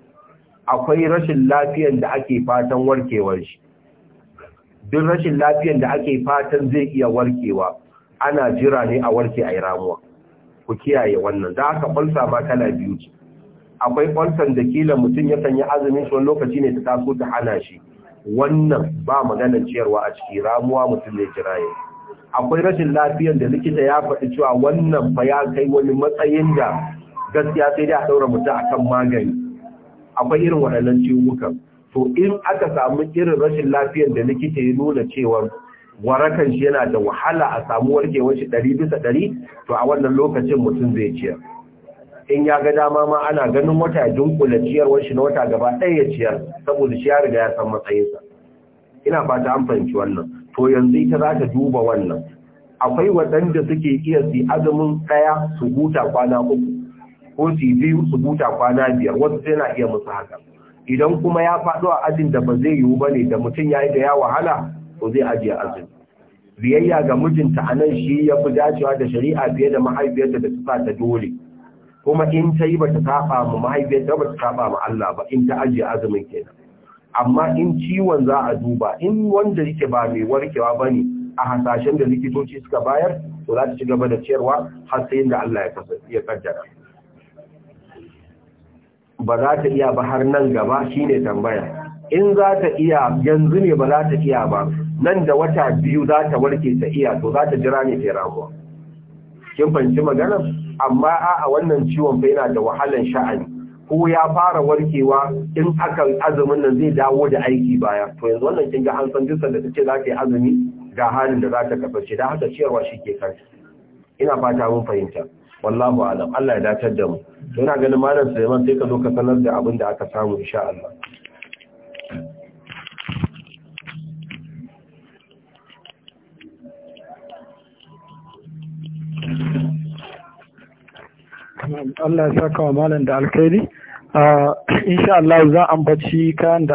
akwai rashin lafiyan da ake fatan warkewar shi duk rashin lafiyar da ake fatan zai iya warkewa ana jira ne a warke a yi ramuwa ku kiyaye wannan da aka kwalsa ma kala biyu ce akwai kwalsan da kila mutum ya sanya azumin shi wani lokaci ne ta taso ta hana shi wannan ba maganar ciyarwa a ciki ramuwa mutum ne jira ya akwai rashin lafiyar da likita ya faɗi cewa wannan fa ya kai wani matsayin da gaskiya sai dai a ɗaura mutum akan magani akwai irin waɗannan ciwukan to in aka samu irin rashin lafiyar da likita ya nuna cewa warakan shi yana da wahala a samu warkewar shi ɗari bisa ɗari to a wannan lokacin mutum zai ciyar in ya ga dama ma ana ganin wata dunkula ciyarwar shi na wata gaba ɗaya ya ciyar saboda shi ya riga ya san matsayinsa ina fata an fahimci wannan to yanzu ita za ta duba wannan akwai waɗanda suke iya su azumin ɗaya su huta kwana uku ko su biyu su huta kwana biyar wasu sai na iya musu haka idan kuma ya faɗo a ajin da ba zai yiwu ba ne da mutum ya yi da ya wahala to zai ajiye azumi biyayya ga mijinta a nan shi ya fi dacewa da shari'a fiye da mahaifiyarta da suka ta dole kuma in ta yi ba ta saba ma mahaifiyarta ba ta saba ma Allah ba in ta ajiye azumin kenan amma in ciwon za a duba in wanda yake ba mai warkewa ba ne a hasashen da likitoci suka bayar to za ta ci gaba da ciyarwa har sai da Allah ya kaddara. ba za ta iya ba har nan gaba shine tambaya in za ta iya yanzu ne ba za ta iya ba nan da wata biyu za ta warke ta iya to za ta jira ne ta kuwa. kin fahimci magana amma a wannan ciwon fa yana da wahalan sha'ani ko ya fara warkewa in aka azumin nan zai dawo da aiki baya to yanzu wannan kin ga an san dukkan da tace za ta yi azumi ga halin da za ta kafa shi da haka ciyarwa shi ke kai ina fata mun fahimta wallahu alam Allah ya datar da mu to ina ganin malam Sulaiman sai ka zo ka sanar da abin da aka samu insha Allah Allah ya saka wa malam da alkhairi ah, insha Allah za an baci kan